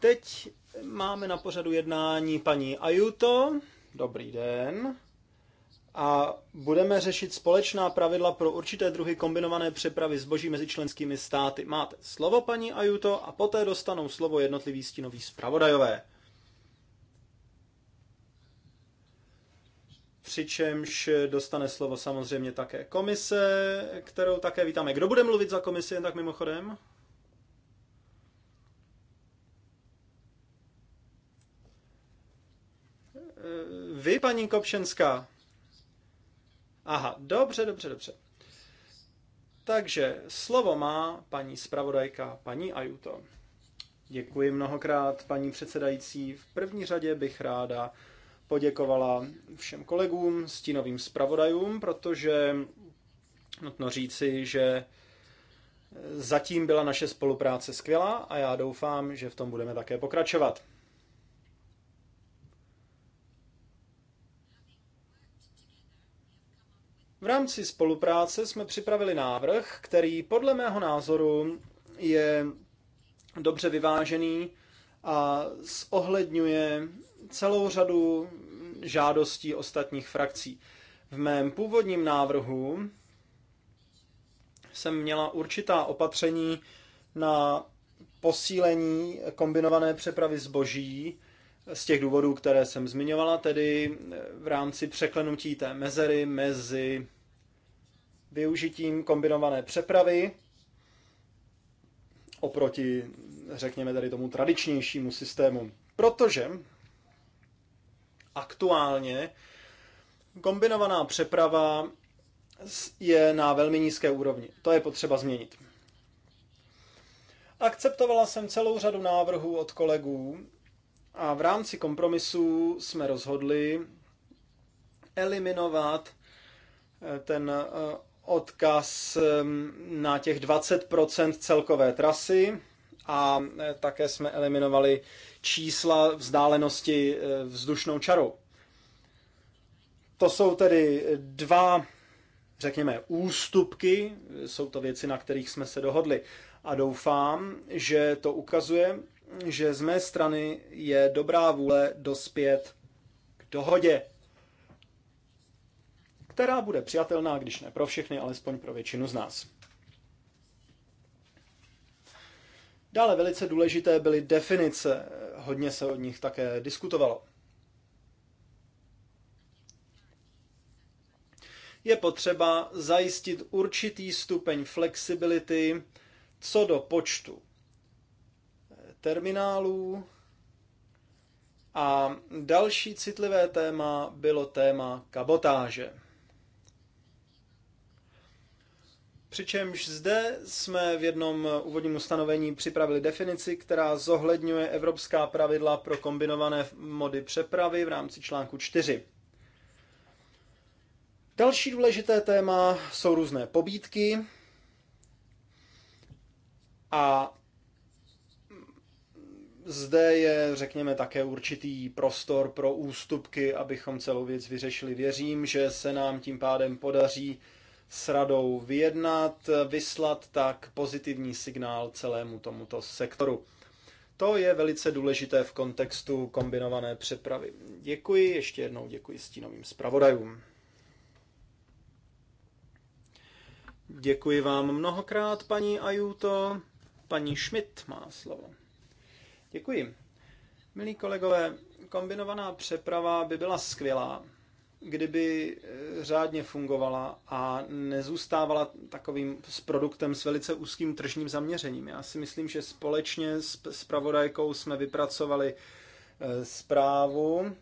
Teď máme na pořadu jednání paní Ajuto. Dobrý den. A budeme řešit společná pravidla pro určité druhy kombinované přepravy zboží mezi členskými státy. Máte slovo, paní Ajuto, a poté dostanou slovo jednotliví stínoví zpravodajové. přičemž dostane slovo samozřejmě také komise, kterou také vítáme. Kdo bude mluvit za komisi, jen tak mimochodem? Eh, vy, paní Kopšenská? Aha, dobře, dobře, dobře. Takže slovo má paní zpravodajka, paní Ajuto. Děkuji mnohokrát, paní předsedající. V první řadě bych ráda poděkovala všem kolegům, stínovým zpravodajům, protože nutno říci, že zatím byla naše spolupráce skvělá a já doufám, že v tom budeme také pokračovat. V rámci spolupráce jsme připravili návrh, který podle mého názoru je dobře vyvážený a zohledňuje celou řadu žádostí ostatních frakcí. V mém původním návrhu jsem měla určitá opatření na posílení kombinované přepravy zboží z těch důvodů, které jsem zmiňovala, tedy v rámci překlenutí té mezery mezi využitím kombinované přepravy oproti, řekněme tady tomu tradičnějšímu systému. Protože aktuálně kombinovaná přeprava je na velmi nízké úrovni. To je potřeba změnit. Akceptovala jsem celou řadu návrhů od kolegů a v rámci kompromisu jsme rozhodli eliminovat eh, ten eh, odkaz ehm, na těch 20 celkové trasy a eh, také jsme eliminovali čísla vzdálenosti eh, vzdušnou čarou. To jsou tedy dva, řekněme, ústupky, jsou to věci, na kterých jsme se dohodli. A doufám, že to ukazuje, že z mé strany je dobrá vůle dospět k dohodě, která bude přijatelná, když ne pro všechny, alespoň pro většinu z nás. Dále velice důležité byly definice hodně se od nich také diskutovalo. Je potřeba zajistit určitý stupeň flexibility co do počtu terminálů. A další citlivé téma bylo téma kabotáže. Přičemž zde jsme v jednom úvodním ustanovení připravili definici, která zohledňuje evropská pravidla pro kombinované mody přepravy v rámci článku 4. Další důležité téma jsou různé pobídky a zde je, řekněme, také určitý prostor pro ústupky, abychom celou věc vyřešili. Věřím, že se nám tím pádem podaří s radou vyjednat, vyslat tak pozitivní signál celému tomuto sektoru. To je velice důležité v kontextu kombinované přepravy. Děkuji, ještě jednou děkuji stínovým zpravodajům. Děkuji vám mnohokrát, paní Ajuto. Paní Schmidt má slovo. Děkuji. Milí kolegové, kombinovaná přeprava by byla skvělá, kdyby eh, řádně fungovala a nezůstávala takovým s produktem s velice úzkým tržním zaměřením. Já si myslím, že společně s, s pravodajkou jsme vypracovali eh, zprávu,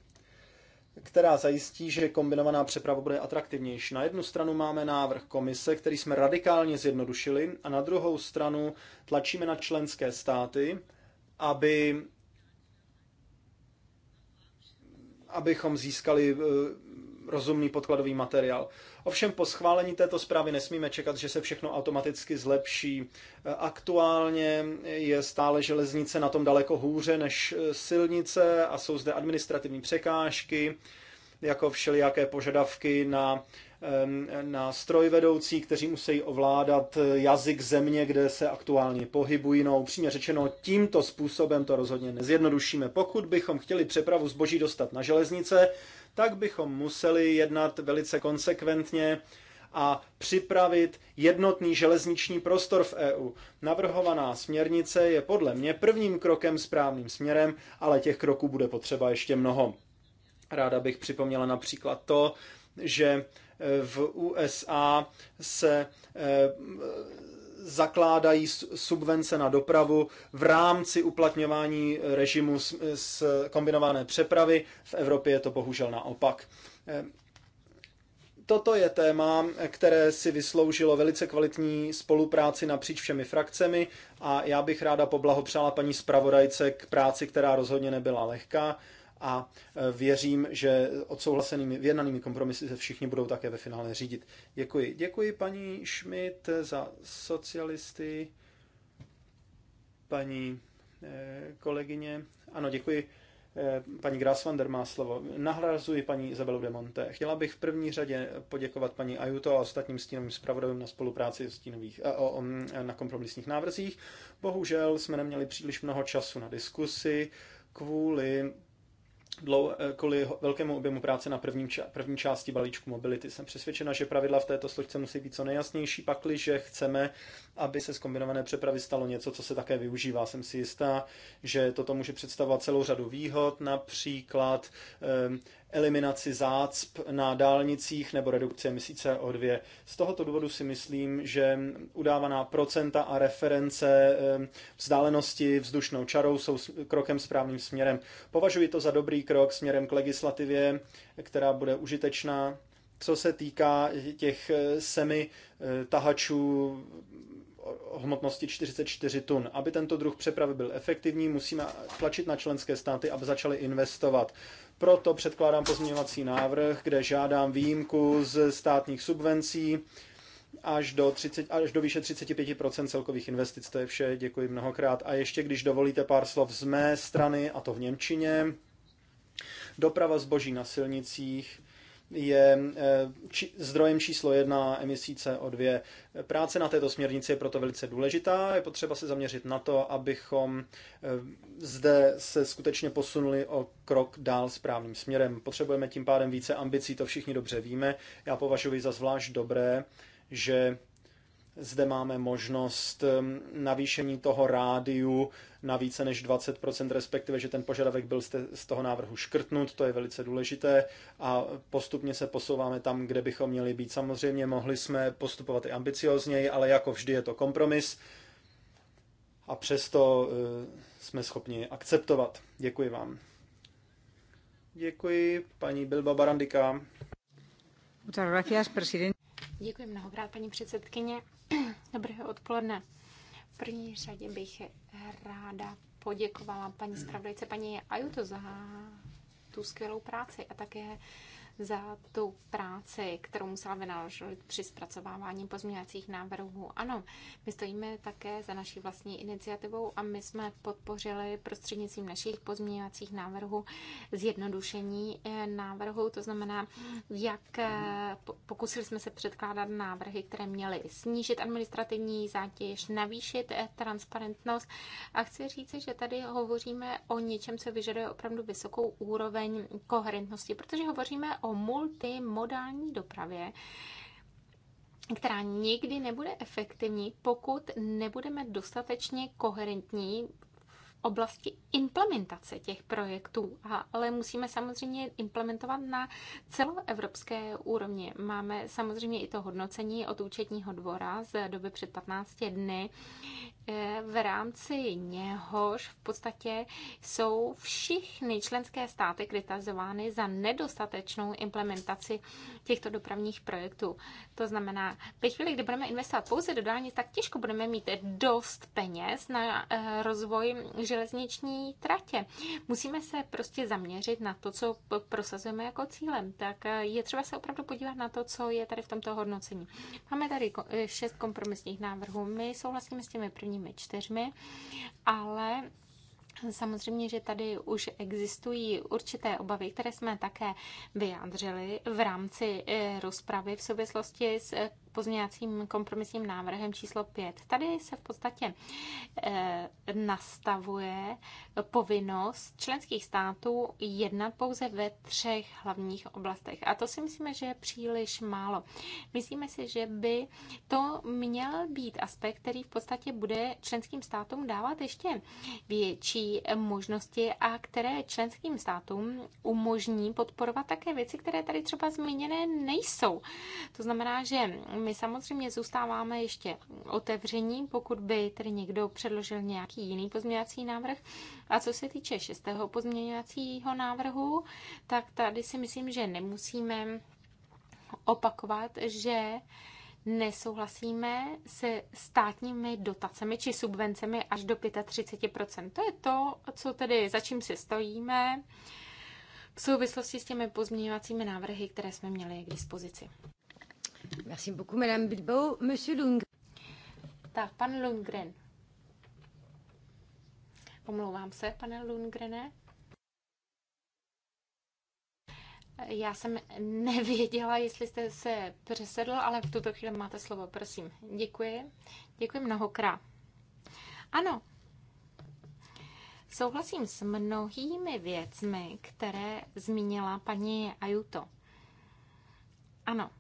která zajistí, že kombinovaná přeprava bude atraktivnější. Na jednu stranu máme návrh komise, který jsme radikálně zjednodušili, a na druhou stranu tlačíme na členské státy, aby abychom získali eh, rozumný podkladový materiál. Ovšem po schválení této zprávy nesmíme čekat, že se všechno automaticky zlepší. Aktuálně je stále železnice na tom daleko hůře než eh, silnice a jsou zde administrativní překážky, jako všelijaké požadavky na, na strojvedoucí, kteří musí ovládat jazyk země, kde se aktuálně pohybují. No, upřímně řečeno, tímto způsobem to rozhodně nezjednodušíme. Pokud bychom chtěli přepravu zboží dostat na železnice, tak bychom museli jednat velice konsekventně a připravit jednotný železniční prostor v EU. Navrhovaná směrnice je podle mě prvním krokem správným směrem, ale těch kroků bude potřeba ještě mnoho. Ráda bych připomněla například to, že v USA se eh, zakládají subvence na dopravu v rámci uplatňování režimu z kombinované přepravy. V Evropě je to bohužel naopak. Eh, toto je téma, které si vysloužilo velice kvalitní spolupráci napříč všemi frakcemi a já bych ráda poblahopřála paní zpravodajce k práci, která rozhodně nebyla lehká a e, věřím, že odsouhlasenými, vyjednanými kompromisy se všichni budou také ve finále řídit. Děkuji. Děkuji paní Schmidt za socialisty, paní e, kolegyně. Ano, děkuji. E, paní Grasvander má slovo. Nahrazuji paní Izabelu de Monte. Chtěla bych v první řadě poděkovat paní Ajuto a ostatním stínovým zpravodajům na spolupráci stínových, o, o, na kompromisních návrzích. Bohužel jsme neměli příliš mnoho času na diskusi kvůli Eh, kvůli velkému objemu práce na první, ča, první části balíčku mobility. Jsem přesvědčena, že pravidla v této složce musí být co nejjasnější, pakliže chceme aby se z kombinované přepravy stalo něco, co se také využívá. Jsem si jistá, že toto může představovat celou řadu výhod, například ehm, eliminaci zácp na dálnicích nebo redukci emisí CO2. Z tohoto důvodu si myslím, že udávaná procenta a reference ehm, vzdálenosti vzdušnou čarou jsou krokem správným směrem. Považuji to za dobrý krok směrem k legislativě, která bude užitečná co se týká těch eh, semi eh, tahačů hmotnosti 44 tun. Aby tento druh přepravy byl efektivní, musíme tlačit na členské státy, aby začaly investovat. Proto předkládám pozměňovací návrh, kde žádám výjimku z státních subvencí až do, 30, až do výše 35% celkových investic. To je vše, děkuji mnohokrát. A ještě, když dovolíte pár slov z mé strany, a to v Němčině. Doprava zboží na silnicích je eh, či, zdrojem číslo jedna emisí CO2. Práce na této směrnici je proto velice důležitá. Je potřeba se zaměřit na to, abychom eh, zde se skutečně posunuli o krok dál správným směrem. Potřebujeme tím pádem více ambicí, to všichni dobře víme. Já považuji za zvlášť dobré, že zde máme možnost ehm, navýšení toho rádiu na více než 20%, respektive, že ten požadavek byl z toho návrhu škrtnut, to je velice důležité a postupně se posouváme tam, kde bychom měli být. Samozřejmě mohli jsme postupovat i ambiciozněji, ale jako vždy je to kompromis a přesto ehm, jsme schopni akceptovat. Děkuji vám. Děkuji, paní Bilba Barandika. Muchas gracias, presidente. Děkuji mnohokrát, paní předsedkyně. Dobré odpoledne. V první řadě bych ráda poděkovala paní zpravodajce, paní Ajuto, za tu skvělou práci a také za tu práci, kterou musela vynaložit při zpracovávání pozměňovacích návrhů. Ano, my stojíme také za naší vlastní iniciativou a my jsme podpořili prostřednictvím našich pozměňovacích návrhů zjednodušení eh, návrhů, to znamená, jak eh, pokusili jsme se předkládat návrhy, které měly snížit administrativní zátěž, navýšit eh, transparentnost. A chci říct, že tady hovoříme o něčem, co vyžaduje opravdu vysokou úroveň koherentnosti, protože hovoříme o o multimodální dopravě, která nikdy nebude efektivní, pokud nebudeme dostatečně koherentní oblasti implementace těch projektů, ale musíme samozřejmě implementovat na celoevropské úrovni. Máme samozřejmě i to hodnocení od účetního dvora z doby před 15 dny. E, v rámci něhož v podstatě jsou všichni členské státy kritizovány za nedostatečnou implementaci těchto dopravních projektů. To znamená, ve chvíli, kdy budeme investovat pouze do dálnic, tak těžko budeme mít dost peněz na e, rozvoj železniční tratě. Musíme se prostě zaměřit na to, co prosazujeme jako cílem. Tak eh, je třeba se opravdu podívat na to, co je tady v tomto hodnocení. Máme tady eh, šest kompromisních návrhů. My souhlasíme s těmi prvními čtyřmi, ale Samozřejmě, že tady už existují určité obavy, které jsme také vyjádřili v rámci eh, rozpravy v souvislosti s pozměňovacím kompromisním návrhem číslo 5. Tady se v podstatě eh, nastavuje povinnost členských států jednat pouze ve třech hlavních oblastech. A to si myslíme, že je příliš málo. Myslíme si, že by to měl být aspekt, který v podstatě bude členským státům dávat ještě větší možnosti a které členským státům umožní podporovat také věci, které tady třeba zmíněné nejsou. To znamená, že my samozřejmě zůstáváme ještě otevření, pokud by tedy někdo předložil nějaký jiný pozměňovací návrh. A co se týče šestého pozměňovacího návrhu, tak tady si myslím, že nemusíme opakovat, že nesouhlasíme se státními dotacemi či subvencemi až do 35%. To je to, co tedy, za čím se stojíme v souvislosti s těmi pozměňovacími návrhy, které jsme měli k dispozici. Merci beaucoup, Madame Bilbao. Monsieur Lung. Tak, pan Lundgren. Omlouvám se, pane Lundgrene. Já jsem nevěděla, jestli jste se přesedl, ale v tuto chvíli máte slovo, prosím. Děkuji. Děkuji mnohokrát. Ano, souhlasím s mnohými věcmi, které zmínila paní Ajuto. Ano,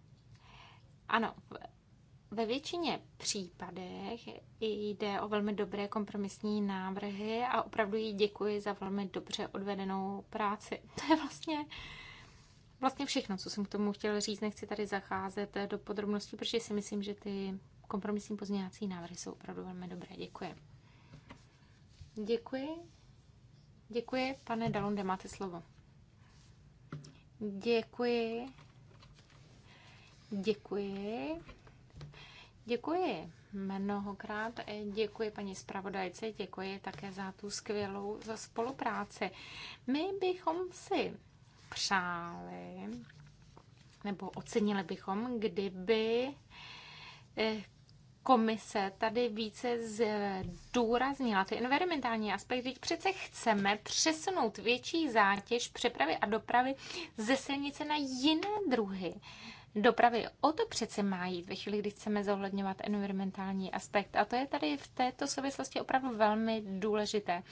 ano, ve většině případech jde o velmi dobré kompromisní návrhy a opravdu jí děkuji za velmi dobře odvedenou práci. To je vlastně vlastně všechno, co jsem k tomu chtěla říct. Nechci tady zacházet do podrobností, protože si myslím, že ty kompromisní pozměňovací návrhy jsou opravdu velmi dobré. Děkuji. Děkuji. Děkuji. Pane Dalunde, máte slovo. Děkuji. Děkuji. Děkuji mnohokrát. Děkuji paní zpravodajce, děkuji také za tu skvělou za spolupráci. My bychom si přáli, nebo ocenili bychom, kdyby eh, komise tady více zdůraznila ty environmentální aspekty. Teď přece chceme přesunout větší zátěž přepravy a dopravy ze silnice na jiné druhy dopravy. O to přece má jít ve chvíli, kdy chceme zohledňovat environmentální aspekt. A to je tady v této souvislosti opravdu velmi důležité.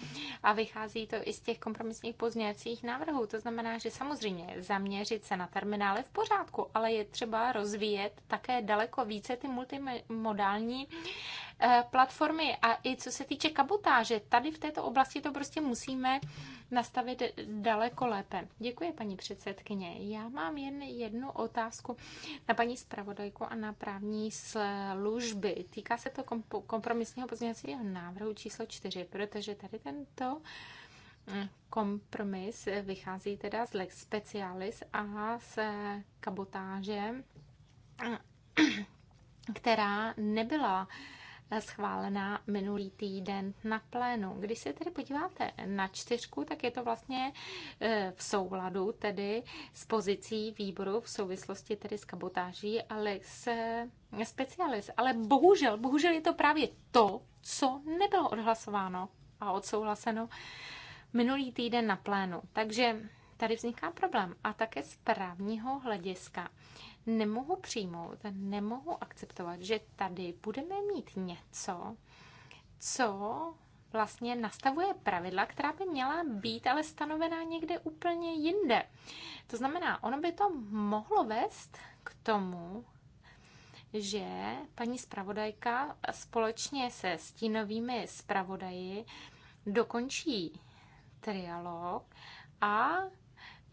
A vychází to i z těch kompromisních pozměňovacích návrhů. To znamená, že samozřejmě zaměřit se na terminály v pořádku, ale je třeba rozvíjet také daleko více ty multimodální Eh, platformy. A i co se týče kabotáže, tady v této oblasti to prostě musíme nastavit daleko lépe. Děkuji, paní předsedkyně. Já mám jen jednu otázku na paní zpravodajku a na právní služby. Týká se to kompromisního pozměňovacího návrhu číslo 4, protože tady tento hm, kompromis vychází teda z lex specialis a s kabotážem, hm, která nebyla schválená minulý týden na plénu. Když se tedy podíváte na čtyřku, tak je to vlastně eh, v souladu tedy s pozicí výboru v souvislosti tedy s kabotáží, ale s eh, specialist. Ale bohužel, bohužel je to právě to, co nebylo odhlasováno a odsouhlaseno minulý týden na plénu. Takže tady vzniká problém. A také z právního hlediska nemohu přijmout, nemohu akceptovat, že tady budeme mít něco, co vlastně nastavuje pravidla, která by měla být ale stanovená někde úplně jinde. To znamená, ono by to mohlo vést k tomu, že paní zpravodajka společně se stínovými zpravodaji dokončí trialog a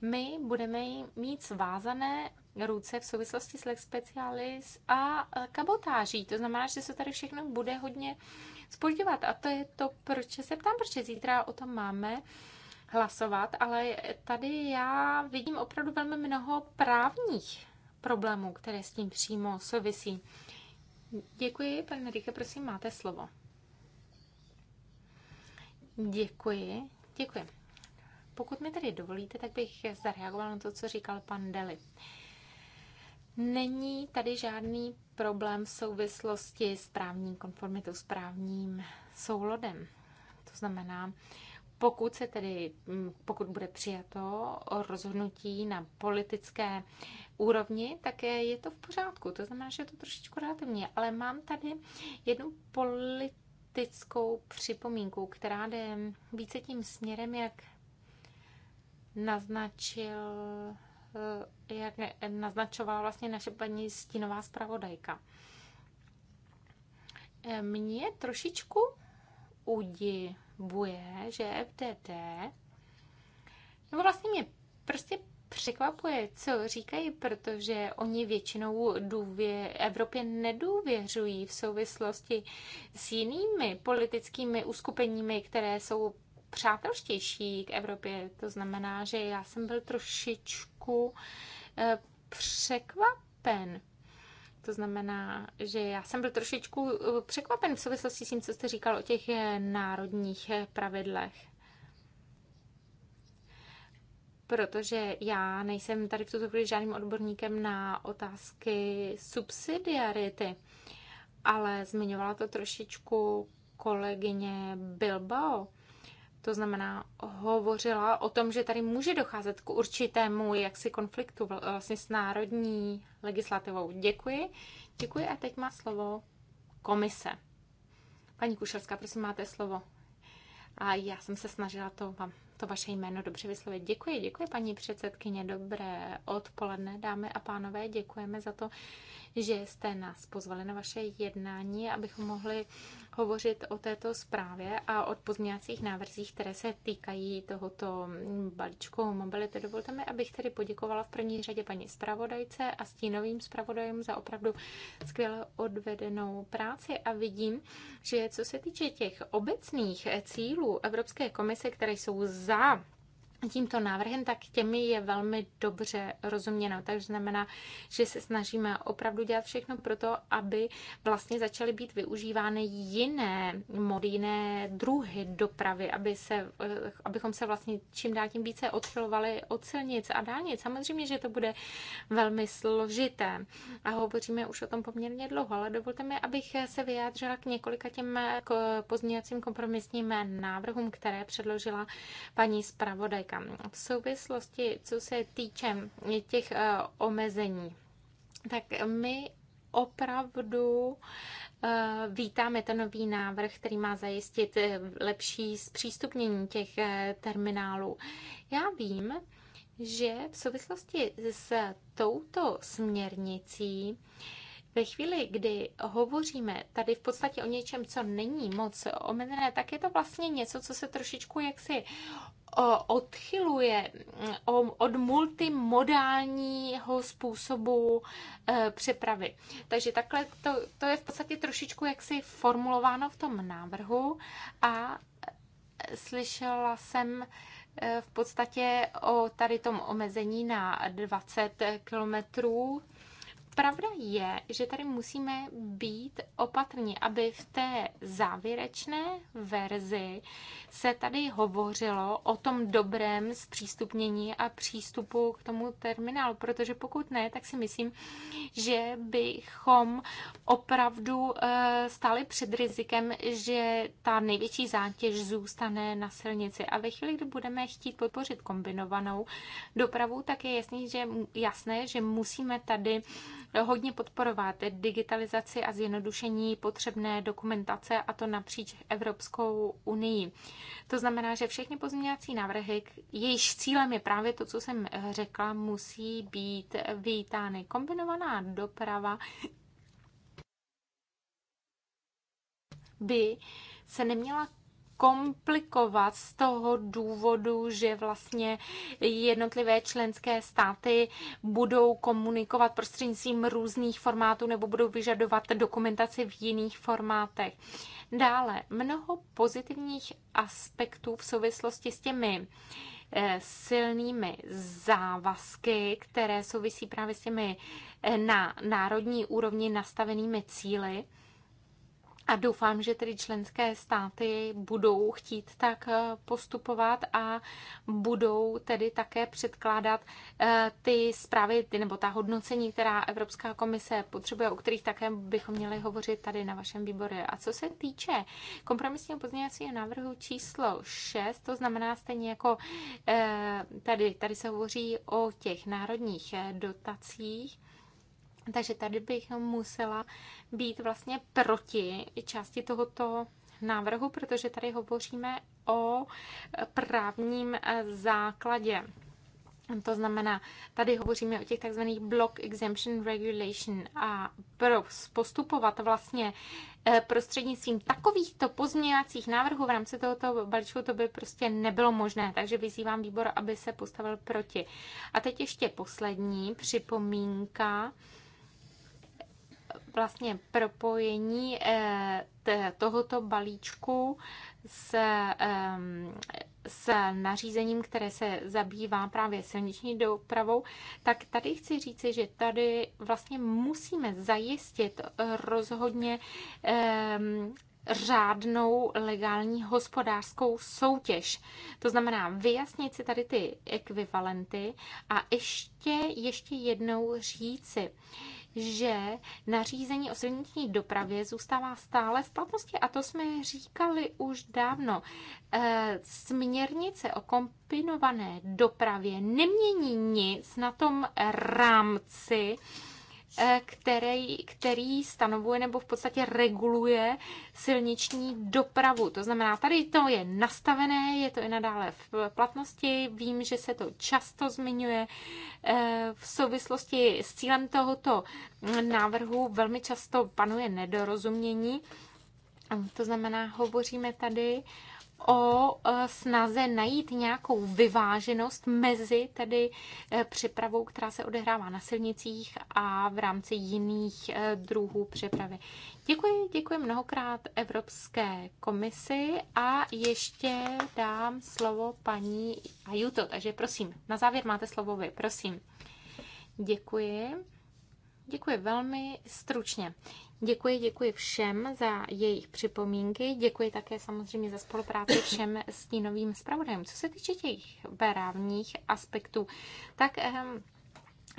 my budeme mít svázané ruce v souvislosti s Lex Specialis a e, kabotáží. To znamená, že se tady všechno bude hodně spožďovat. A to je to, proč se ptám, proč zítra o tom máme hlasovat, ale tady já vidím opravdu velmi mnoho právních problémů, které s tím přímo souvisí. Děkuji, pane Marika, prosím, máte slovo. Děkuji, děkuji. Pokud mi tedy dovolíte, tak bych zareagoval na to, co říkal pan Deli. Není tady žádný problém v souvislosti s právní konformitou, s právním souladem. To znamená, pokud se tedy, mm, pokud bude přijato rozhodnutí na politické úrovni, tak je, je to v pořádku. To znamená, že je to trošičku relativní. Ale mám tady jednu politickou připomínku, která jde více tím směrem, jak naznačil Eh, jak naznačovala vlastně naše paní stínová zpravodajka. Eh, Mně trošičku udivuje, že FDD, nebo vlastně mě prostě překvapuje, co říkají, protože oni většinou důvě, Evropě nedůvěřují v souvislosti s jinými politickými uskupeními, které jsou přátelštější k Evropě. To znamená, že já jsem byl trošičku eh, překvapen. To znamená, že já jsem byl trošičku eh, překvapen v souvislosti s tím, co jste říkal o těch eh, národních pravidlech. Protože já nejsem tady v tuto chvíli žádným odborníkem na otázky subsidiarity, ale zmiňovala to trošičku kolegyně Bilbao. To znamená, hovořila o tom, že tady může docházet k určitému jaksi konfliktu vlastně s národní legislativou. Děkuji. Děkuji a teď má slovo komise. Paní Kušelská, prosím, máte slovo. A já jsem se snažila to vám to vaše jméno dobře vyslovit. Děkuji, děkuji paní předsedkyně, dobré odpoledne, dámy a pánové, děkujeme za to, že jste nás pozvali na vaše jednání, abychom mohli hovořit o této zprávě a o pozměňovacích návrzích, které se týkají tohoto balíčku mobility. Dovolte mi, abych tedy poděkovala v první řadě paní zpravodajce a stínovým zpravodajům za opravdu skvěle odvedenou práci a vidím, že co se týče těch obecných cílů Evropské komise, které jsou za tímto návrhem, tak těmi je velmi dobře rozuměno. Takže znamená, že se snažíme opravdu dělat všechno pro to, aby vlastně začaly být využívány jiné mody, jiné druhy dopravy, aby se, eh, abychom se vlastně čím dál tím více odchylovali od silnic a dálnic. Samozřejmě, že to bude velmi složité a hovoříme už o tom poměrně dlouho, ale dovolte mi, abych se vyjádřila k několika těm eh, pozměňovacím kompromisním návrhům, které předložila paní zpravodajka otázka. V souvislosti, co se týče těch eh, omezení, tak my opravdu eh, vítáme ten nový návrh, který má zajistit eh, lepší zpřístupnění těch terminálů. Já vím, že v souvislosti s touto směrnicí ve chvíli, kdy hovoříme tady v podstatě o něčem, co není moc omezené, tak je to vlastně něco, co se trošičku jaksi odchyluje od multimodálního způsobu e, přepravy. Takže takhle to, to je v podstatě trošičku jaksi formulováno v tom návrhu a e, slyšela jsem e, v podstatě o tady tom omezení na 20 kilometrů Pravda je, že tady musíme být opatrní, aby v té závěrečné verzi se tady hovořilo o tom dobrém zpřístupnění a přístupu k tomu terminálu, protože pokud ne, tak si myslím, že bychom opravdu eh, stáli před rizikem, že ta největší zátěž zůstane na silnici. A ve chvíli, kdy budeme chtít podpořit kombinovanou dopravu, tak je jasný, že, jasné, že musíme tady hodně podporovat digitalizaci a zjednodušení potřebné dokumentace a to napříč Evropskou unii. To znamená, že všechny pozměňovací návrhy, jejichž cílem je právě to, co jsem řekla, musí být vítány. Kombinovaná doprava by se neměla komplikovat z toho důvodu, že vlastně jednotlivé členské státy budou komunikovat prostřednictvím různých formátů nebo budou vyžadovat dokumentaci v jiných formátech. Dále, mnoho pozitivních aspektů v souvislosti s těmi eh, silnými závazky, které souvisí právě s těmi eh, na národní úrovni nastavenými cíly a doufám, že tedy členské státy budou chtít tak eh, postupovat a budou tedy také předkládat eh, ty zprávy nebo ta hodnocení, která Evropská komise potřebuje, o kterých také bychom měli hovořit tady na vašem výboru. A co se týče kompromisního pozměňovacího návrhu číslo 6, to znamená stejně jako eh, tady, tady se hovoří o těch národních dotacích, takže tady bych musela být vlastně proti části tohoto návrhu, protože tady hovoříme o právním základě. To znamená, tady hovoříme o těch takzvaných block exemption regulation a pro postupovat vlastně eh, prostřednictvím takovýchto pozměňovacích návrhů v rámci tohoto balíčku to by prostě nebylo možné, takže vyzývám výbor, aby se postavil proti. A teď ještě poslední připomínka vlastně propojení eh, tohoto balíčku s, ehm, s nařízením, které se zabývá právě silniční dopravou, tak tady chci říci, že tady vlastně musíme zajistit rozhodně ehm, řádnou legální hospodářskou soutěž. To znamená vyjasnit si tady ty ekvivalenty a ještě, ještě jednou říci, že nařízení o silniční dopravě zůstává stále v platnosti a to jsme říkali už dávno. Eh, směrnice o kombinované dopravě nemění nic na tom rámci, který, který stanovuje nebo v podstatě reguluje silniční dopravu. To znamená, tady to je nastavené, je to i nadále v platnosti. Vím, že se to často zmiňuje eh, v souvislosti s cílem tohoto návrhu. Velmi často panuje nedorozumění. To znamená, hovoříme tady o e, snaze najít nějakou vyváženost mezi tedy e, přepravou, která se odehrává na silnicích a v rámci jiných e, druhů přepravy. Děkuji, děkuji mnohokrát Evropské komisi a ještě dám slovo paní Ajuto, takže prosím, na závěr máte slovo vy, prosím. Děkuji. Děkuji velmi stručně. Děkuji, děkuji všem za jejich připomínky. Děkuji také samozřejmě za spolupráci všem stínovým zpravodajům. Co se týče těch právních aspektů, tak ehm,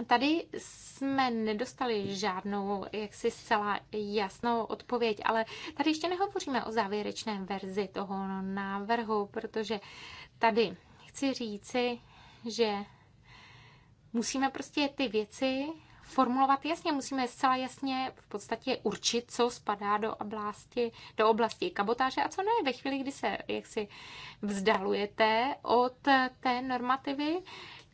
Tady jsme nedostali žádnou jaksi zcela jasnou odpověď, ale tady ještě nehovoříme o závěrečné verzi toho návrhu, protože tady chci říci, že musíme prostě ty věci formulovat jasně, musíme zcela jasně v podstatě určit, co spadá do oblasti, do oblasti kabotáže a co ne. Ve chvíli, kdy se jaksi vzdalujete od té normativy,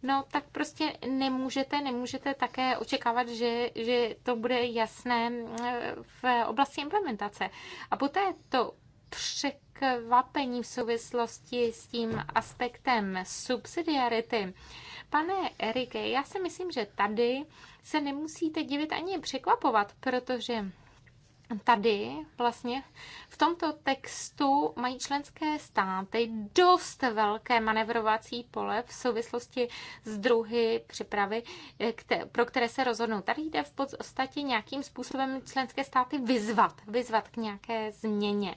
No, tak prostě nemůžete, nemůžete také očekávat, že, že to bude jasné eh, v oblasti implementace. A poté to překvapení v souvislosti s tím aspektem subsidiarity, Pane Erike, já si myslím, že tady se nemusíte divit ani překvapovat, protože tady vlastně v tomto textu mají členské státy dost velké manevrovací pole v souvislosti s druhy připravy, pro které se rozhodnou. Tady jde v podstatě nějakým způsobem členské státy vyzvat, vyzvat k nějaké změně.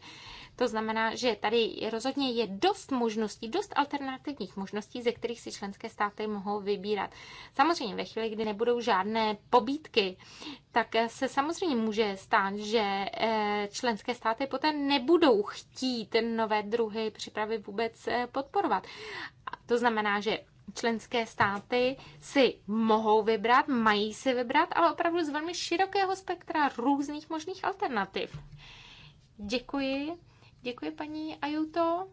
To znamená, že tady rozhodně je dost možností, dost alternativních možností, ze kterých si členské státy mohou vybírat. Samozřejmě ve chvíli, kdy nebudou žádné pobídky, tak se samozřejmě může stát, že eh, členské státy poté nebudou chtít nové druhy přípravy vůbec eh, podporovat. to znamená, že členské státy si mohou vybrat, mají si vybrat, ale opravdu z velmi širokého spektra různých možných alternativ. Děkuji. Děkuji, paní Ajuto.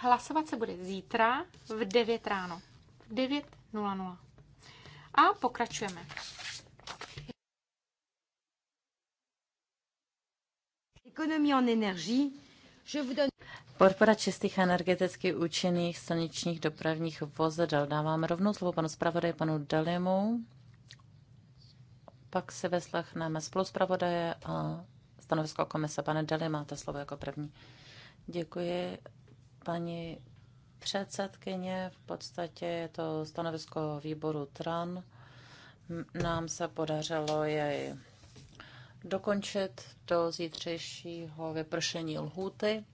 Hlasovat se bude zítra v 9 ráno. 9.00. A pokračujeme. Ekonomie en énergie. Podpora čistých energeticky účinných silničních dopravních vozidel. Dáváme rovnou slovo panu zpravodaji, panu Dalimu. Pak si vyslechneme spoluzpravodaje a stanovisko komise. Pane Deli, máte slovo jako první. Děkuji, paní předsedkyně. V podstatě je to stanovisko výboru TRAN. Nám se podařilo jej dokončit do zítřejšího vypršení lhůty.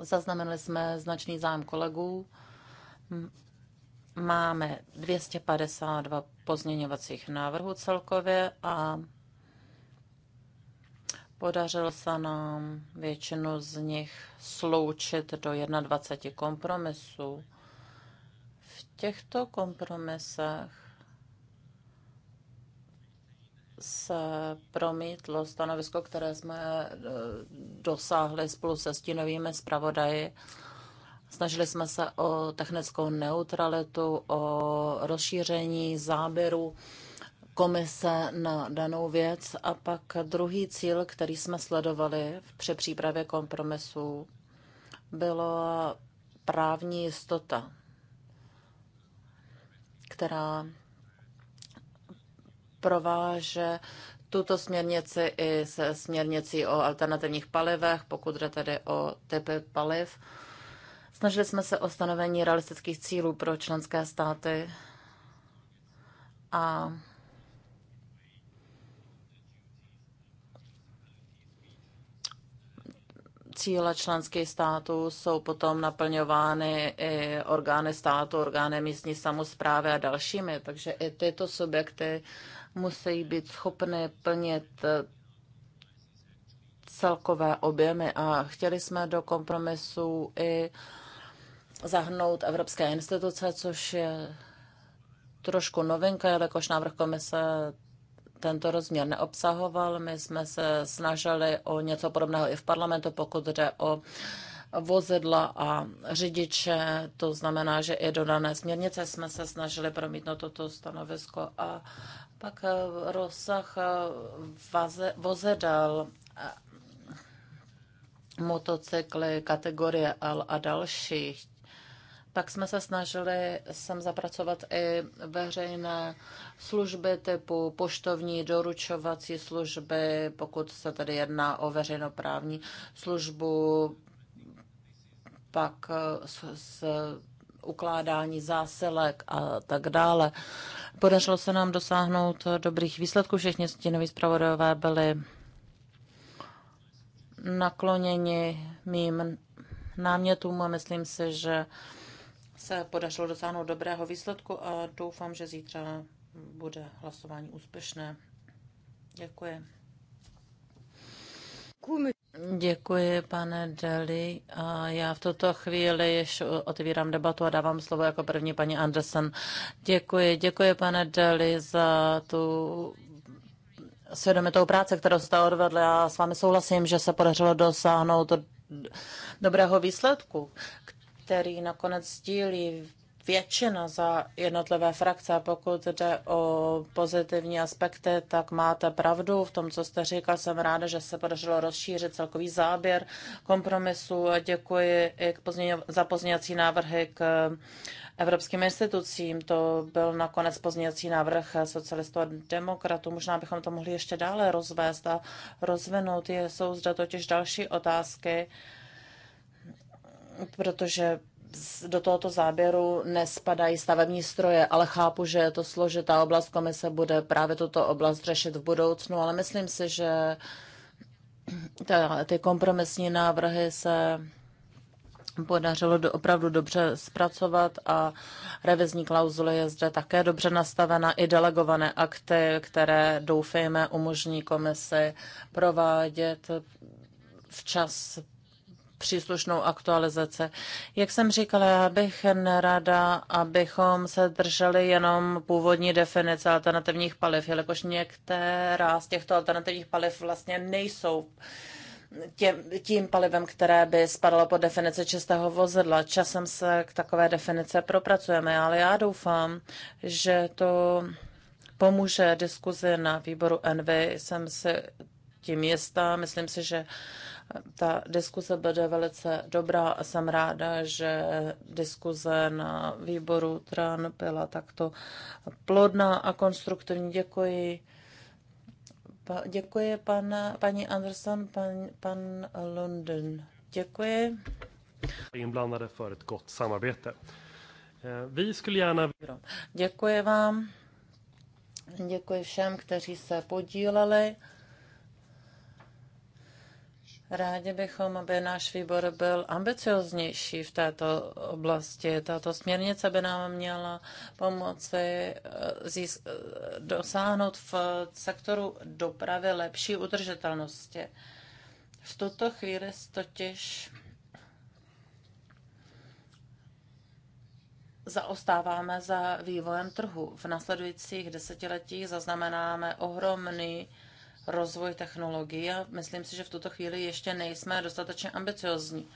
Zaznamenali jsme značný zájem kolegů. Máme 252 pozměňovacích návrhů celkově a Podařilo se nám většinu z nich sloučit do 21 kompromisů. V těchto kompromisech se promítlo stanovisko, které jsme eh, dosáhli spolu se stínovými zpravodaji. Snažili jsme se o technickou neutralitu, o rozšíření záběru komise na danou věc. A pak druhý cíl, který jsme sledovali při přípravě kompromisu, bylo právní jistota, která prováže tuto směrnici i se směrnicí o alternativních palivech, pokud jde tedy o typy paliv. Snažili jsme se o stanovení realistických cílů pro členské státy a cíle členských států jsou potom naplňovány i orgány státu, orgány místní samozprávy a dalšími, takže i tyto subjekty musí být schopny plnit eh, celkové objemy a chtěli jsme do kompromisu i zahrnout evropské instituce, což je trošku novinka, jelikož návrh komise tento rozměr neobsahoval. My jsme se snažili o něco podobného i v parlamentu, pokud jde o vozidla a řidiče. To znamená, že i do dané směrnice jsme se snažili promítnout toto stanovisko a pak eh, rozsah eh, vaze, vozidel, eh, motocykly kategorie L a dalších pak jsme se snažili sem zapracovat i veřejné služby typu poštovní, doručovací služby, pokud se tedy jedná o veřejnoprávní službu, pak eh, s, ukládání zásilek a tak dále. Podařilo se nám dosáhnout dobrých výsledků. Všichni stínoví zpravodajové byli nakloněni mým námětům a myslím si, že se podařilo dosáhnout dobrého výsledku a doufám, že zítra bude hlasování úspěšné. Děkuji. Děkuji, pane Deli. A já v tuto chvíli již otevírám debatu a dávám slovo jako první paní Anderson. Děkuji, děkuji, pane Deli, za tu svědomitou práci, kterou jste odvedli. Já s vámi souhlasím, že se podařilo dosáhnout dobrého výsledku, který nakonec sdílí většina za jednotlivé frakce. Pokud jde o pozitivní aspekty, tak máte pravdu v tom, co jste říkal. Jsem ráda, že se podařilo rozšířit celkový záběr kompromisu a děkuji i k pozměň, za pozměňovací návrhy k evropským institucím. To byl nakonec pozměňovací návrh socialistů a demokratů. Možná bychom to mohli ještě dále rozvést a rozvinout. Jsou zde totiž další otázky, protože do tohoto záběru nespadají stavební stroje, ale chápu, že je to složitá oblast. Komise bude právě tuto oblast řešit v budoucnu, ale myslím si, že ta, ty kompromisní návrhy se podařilo do, opravdu dobře zpracovat a revizní klauzule je zde také dobře nastavena i delegované akty, které doufejme umožní komisi provádět včas příslušnou aktualizaci. Jak jsem říkala, já bych nerada, abychom se drželi jenom původní definice alternativních paliv, jelikož některá z těchto alternativních paliv vlastně nejsou Těm, tím palivem, které by spadalo pod definici čistého vozidla. Časem se k takové definice propracujeme, ale já doufám, že to pomůže diskuzi na výboru Envy. Jsem si tím jistá. Myslím si, že ta diskuze bude velice dobrá a jsem ráda, že diskuze na výboru TRAN byla takto plodná a konstruktivní. Děkuji. Pa, děkuji pana, paní Anderson, pan, pan London. Děkuji. Inblandade för ett gott samarbete. Eh, vi skulle gärna... Děkuji vám. Děkuji všem, kteří se podíleli. Rádi bychom, aby náš výbor byl ambicioznější v této oblasti. Tato směrnice by nám měla pomoci eh, eh, dosáhnout v sektoru dopravy lepší udržitelnosti. V tuto chvíli totiž zaostáváme za vývojem trhu. V nasledujících desetiletích zaznamenáme ohromný rozvoj technologií a myslím si, že v tuto chvíli ještě nejsme dostatečně ambiciozní.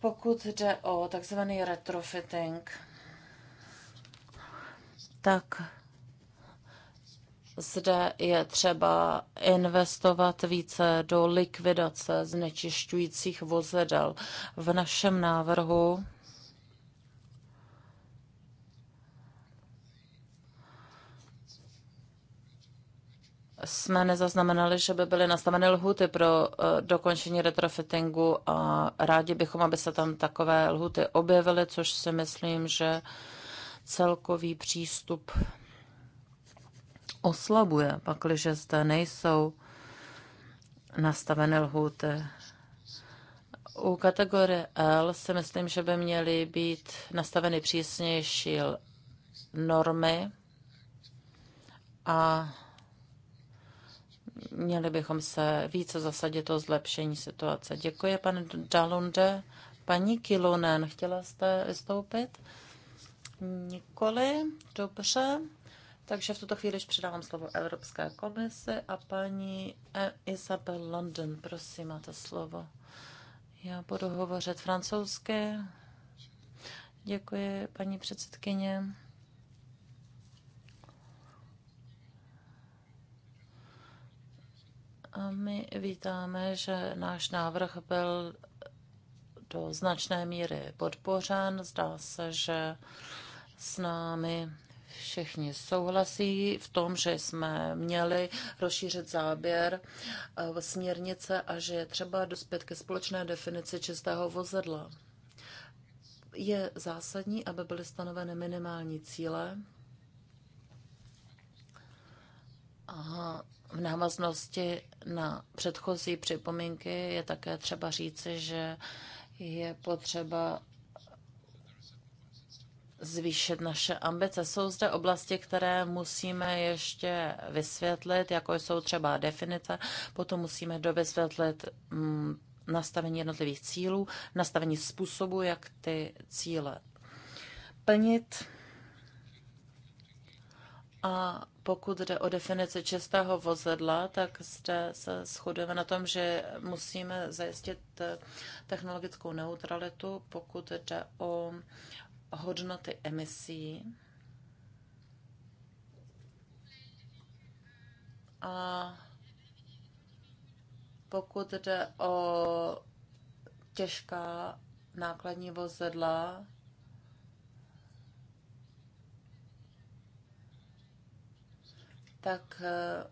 Pokud jde o takzvaný retrofitting, tak zde je třeba investovat více do likvidace znečišťujících vozidel. V našem návrhu jsme nezaznamenali, že by byly nastaveny lhuty pro eh, dokončení retrofittingu a rádi bychom, aby se tam takové lhuty objevily, což si myslím, že celkový přístup oslabuje, pakliže zde nejsou nastaveny lhuty. U kategorie L si myslím, že by měly být nastaveny přísnější normy a měli bychom se více zasadit o zlepšení situace. Děkuji, pane Dalunde. Paní Kilunen, chtěla jste vystoupit? Nikoli, dobře. Takže v tuto chvíli předávám slovo Evropské komisi a paní e- Isabel London, prosím, máte slovo. Já budu hovořit francouzsky. Děkuji, paní předsedkyně. A my vítáme, že náš návrh byl do značné míry podpořen. Zdá se, že s námi všichni souhlasí v tom, že jsme měli rozšířit záběr eh, směrnice a že je třeba dospět ke společné definici čistého vozidla. Je zásadní, aby byly stanoveny minimální cíle Aha. V návaznosti na předchozí připomínky je také třeba říci, že je potřeba zvýšit naše ambice. Jsou zde oblasti, které musíme ještě vysvětlit, jako jsou třeba definice, potom musíme dovysvětlit mm, nastavení jednotlivých cílů, nastavení způsobu, jak ty cíle plnit. A pokud jde o definici čistého vozidla, tak zde se shodujeme na tom, že musíme zajistit eh, technologickou neutralitu, pokud jde o hodnoty emisí. A pokud jde o těžká nákladní vozidla, tak eh,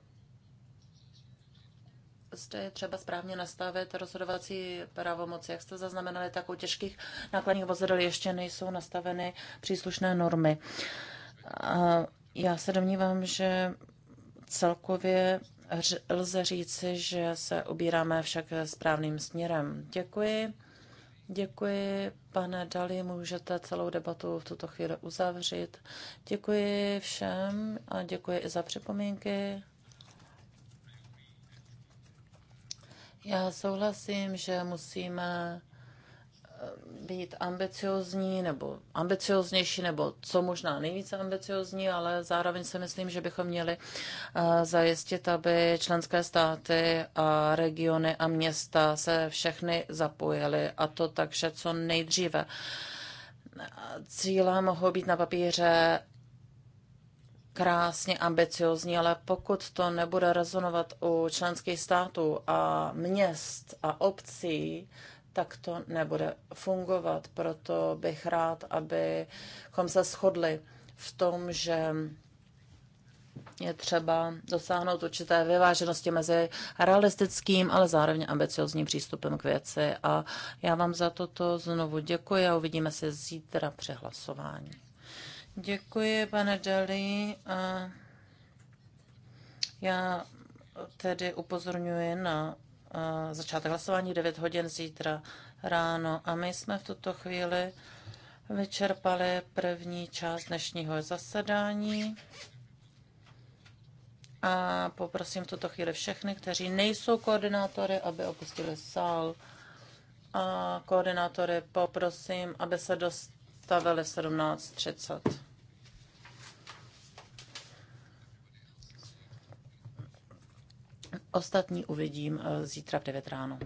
zde je třeba správně nastavit rozhodovací pravomoci. Jak jste zaznamenali, tak u těžkých nákladních vozidel ještě nejsou nastaveny příslušné normy. A já se domnívám, že celkově lze říci, že se ubíráme však správným směrem. Děkuji. Děkuji, pane Dali, můžete celou debatu v tuto chvíli uzavřít. Děkuji všem a děkuji i za připomínky. Já souhlasím, že musíme Eh, být ambiciozní nebo ambicioznější nebo co možná nejvíce ambiciozní, ale zároveň si myslím, že bychom měli eh, zajistit, aby členské státy a regiony a města se všechny zapojily a to takže co nejdříve. Cíle mohou být na papíře krásně ambiciozní, ale pokud to nebude rezonovat u členských států a měst a obcí, tak to nebude fungovat. Proto bych rád, abychom se shodli v tom, že je třeba dosáhnout určité vyváženosti mezi realistickým, ale zároveň ambiciozním přístupem k věci. A já vám za toto znovu děkuji a uvidíme se zítra při hlasování. Děkuji, pane Dali. já tedy upozorňuji na Eh, začátek hlasování 9 hodin zítra ráno. A my jsme v tuto chvíli vyčerpali první část dnešního zasedání. A poprosím v tuto chvíli všechny, kteří nejsou koordinátory, aby opustili sál. A koordinátory poprosím, aby se dostavili v 17.30. Ostatní uvidím eh, zítra v 9 ráno.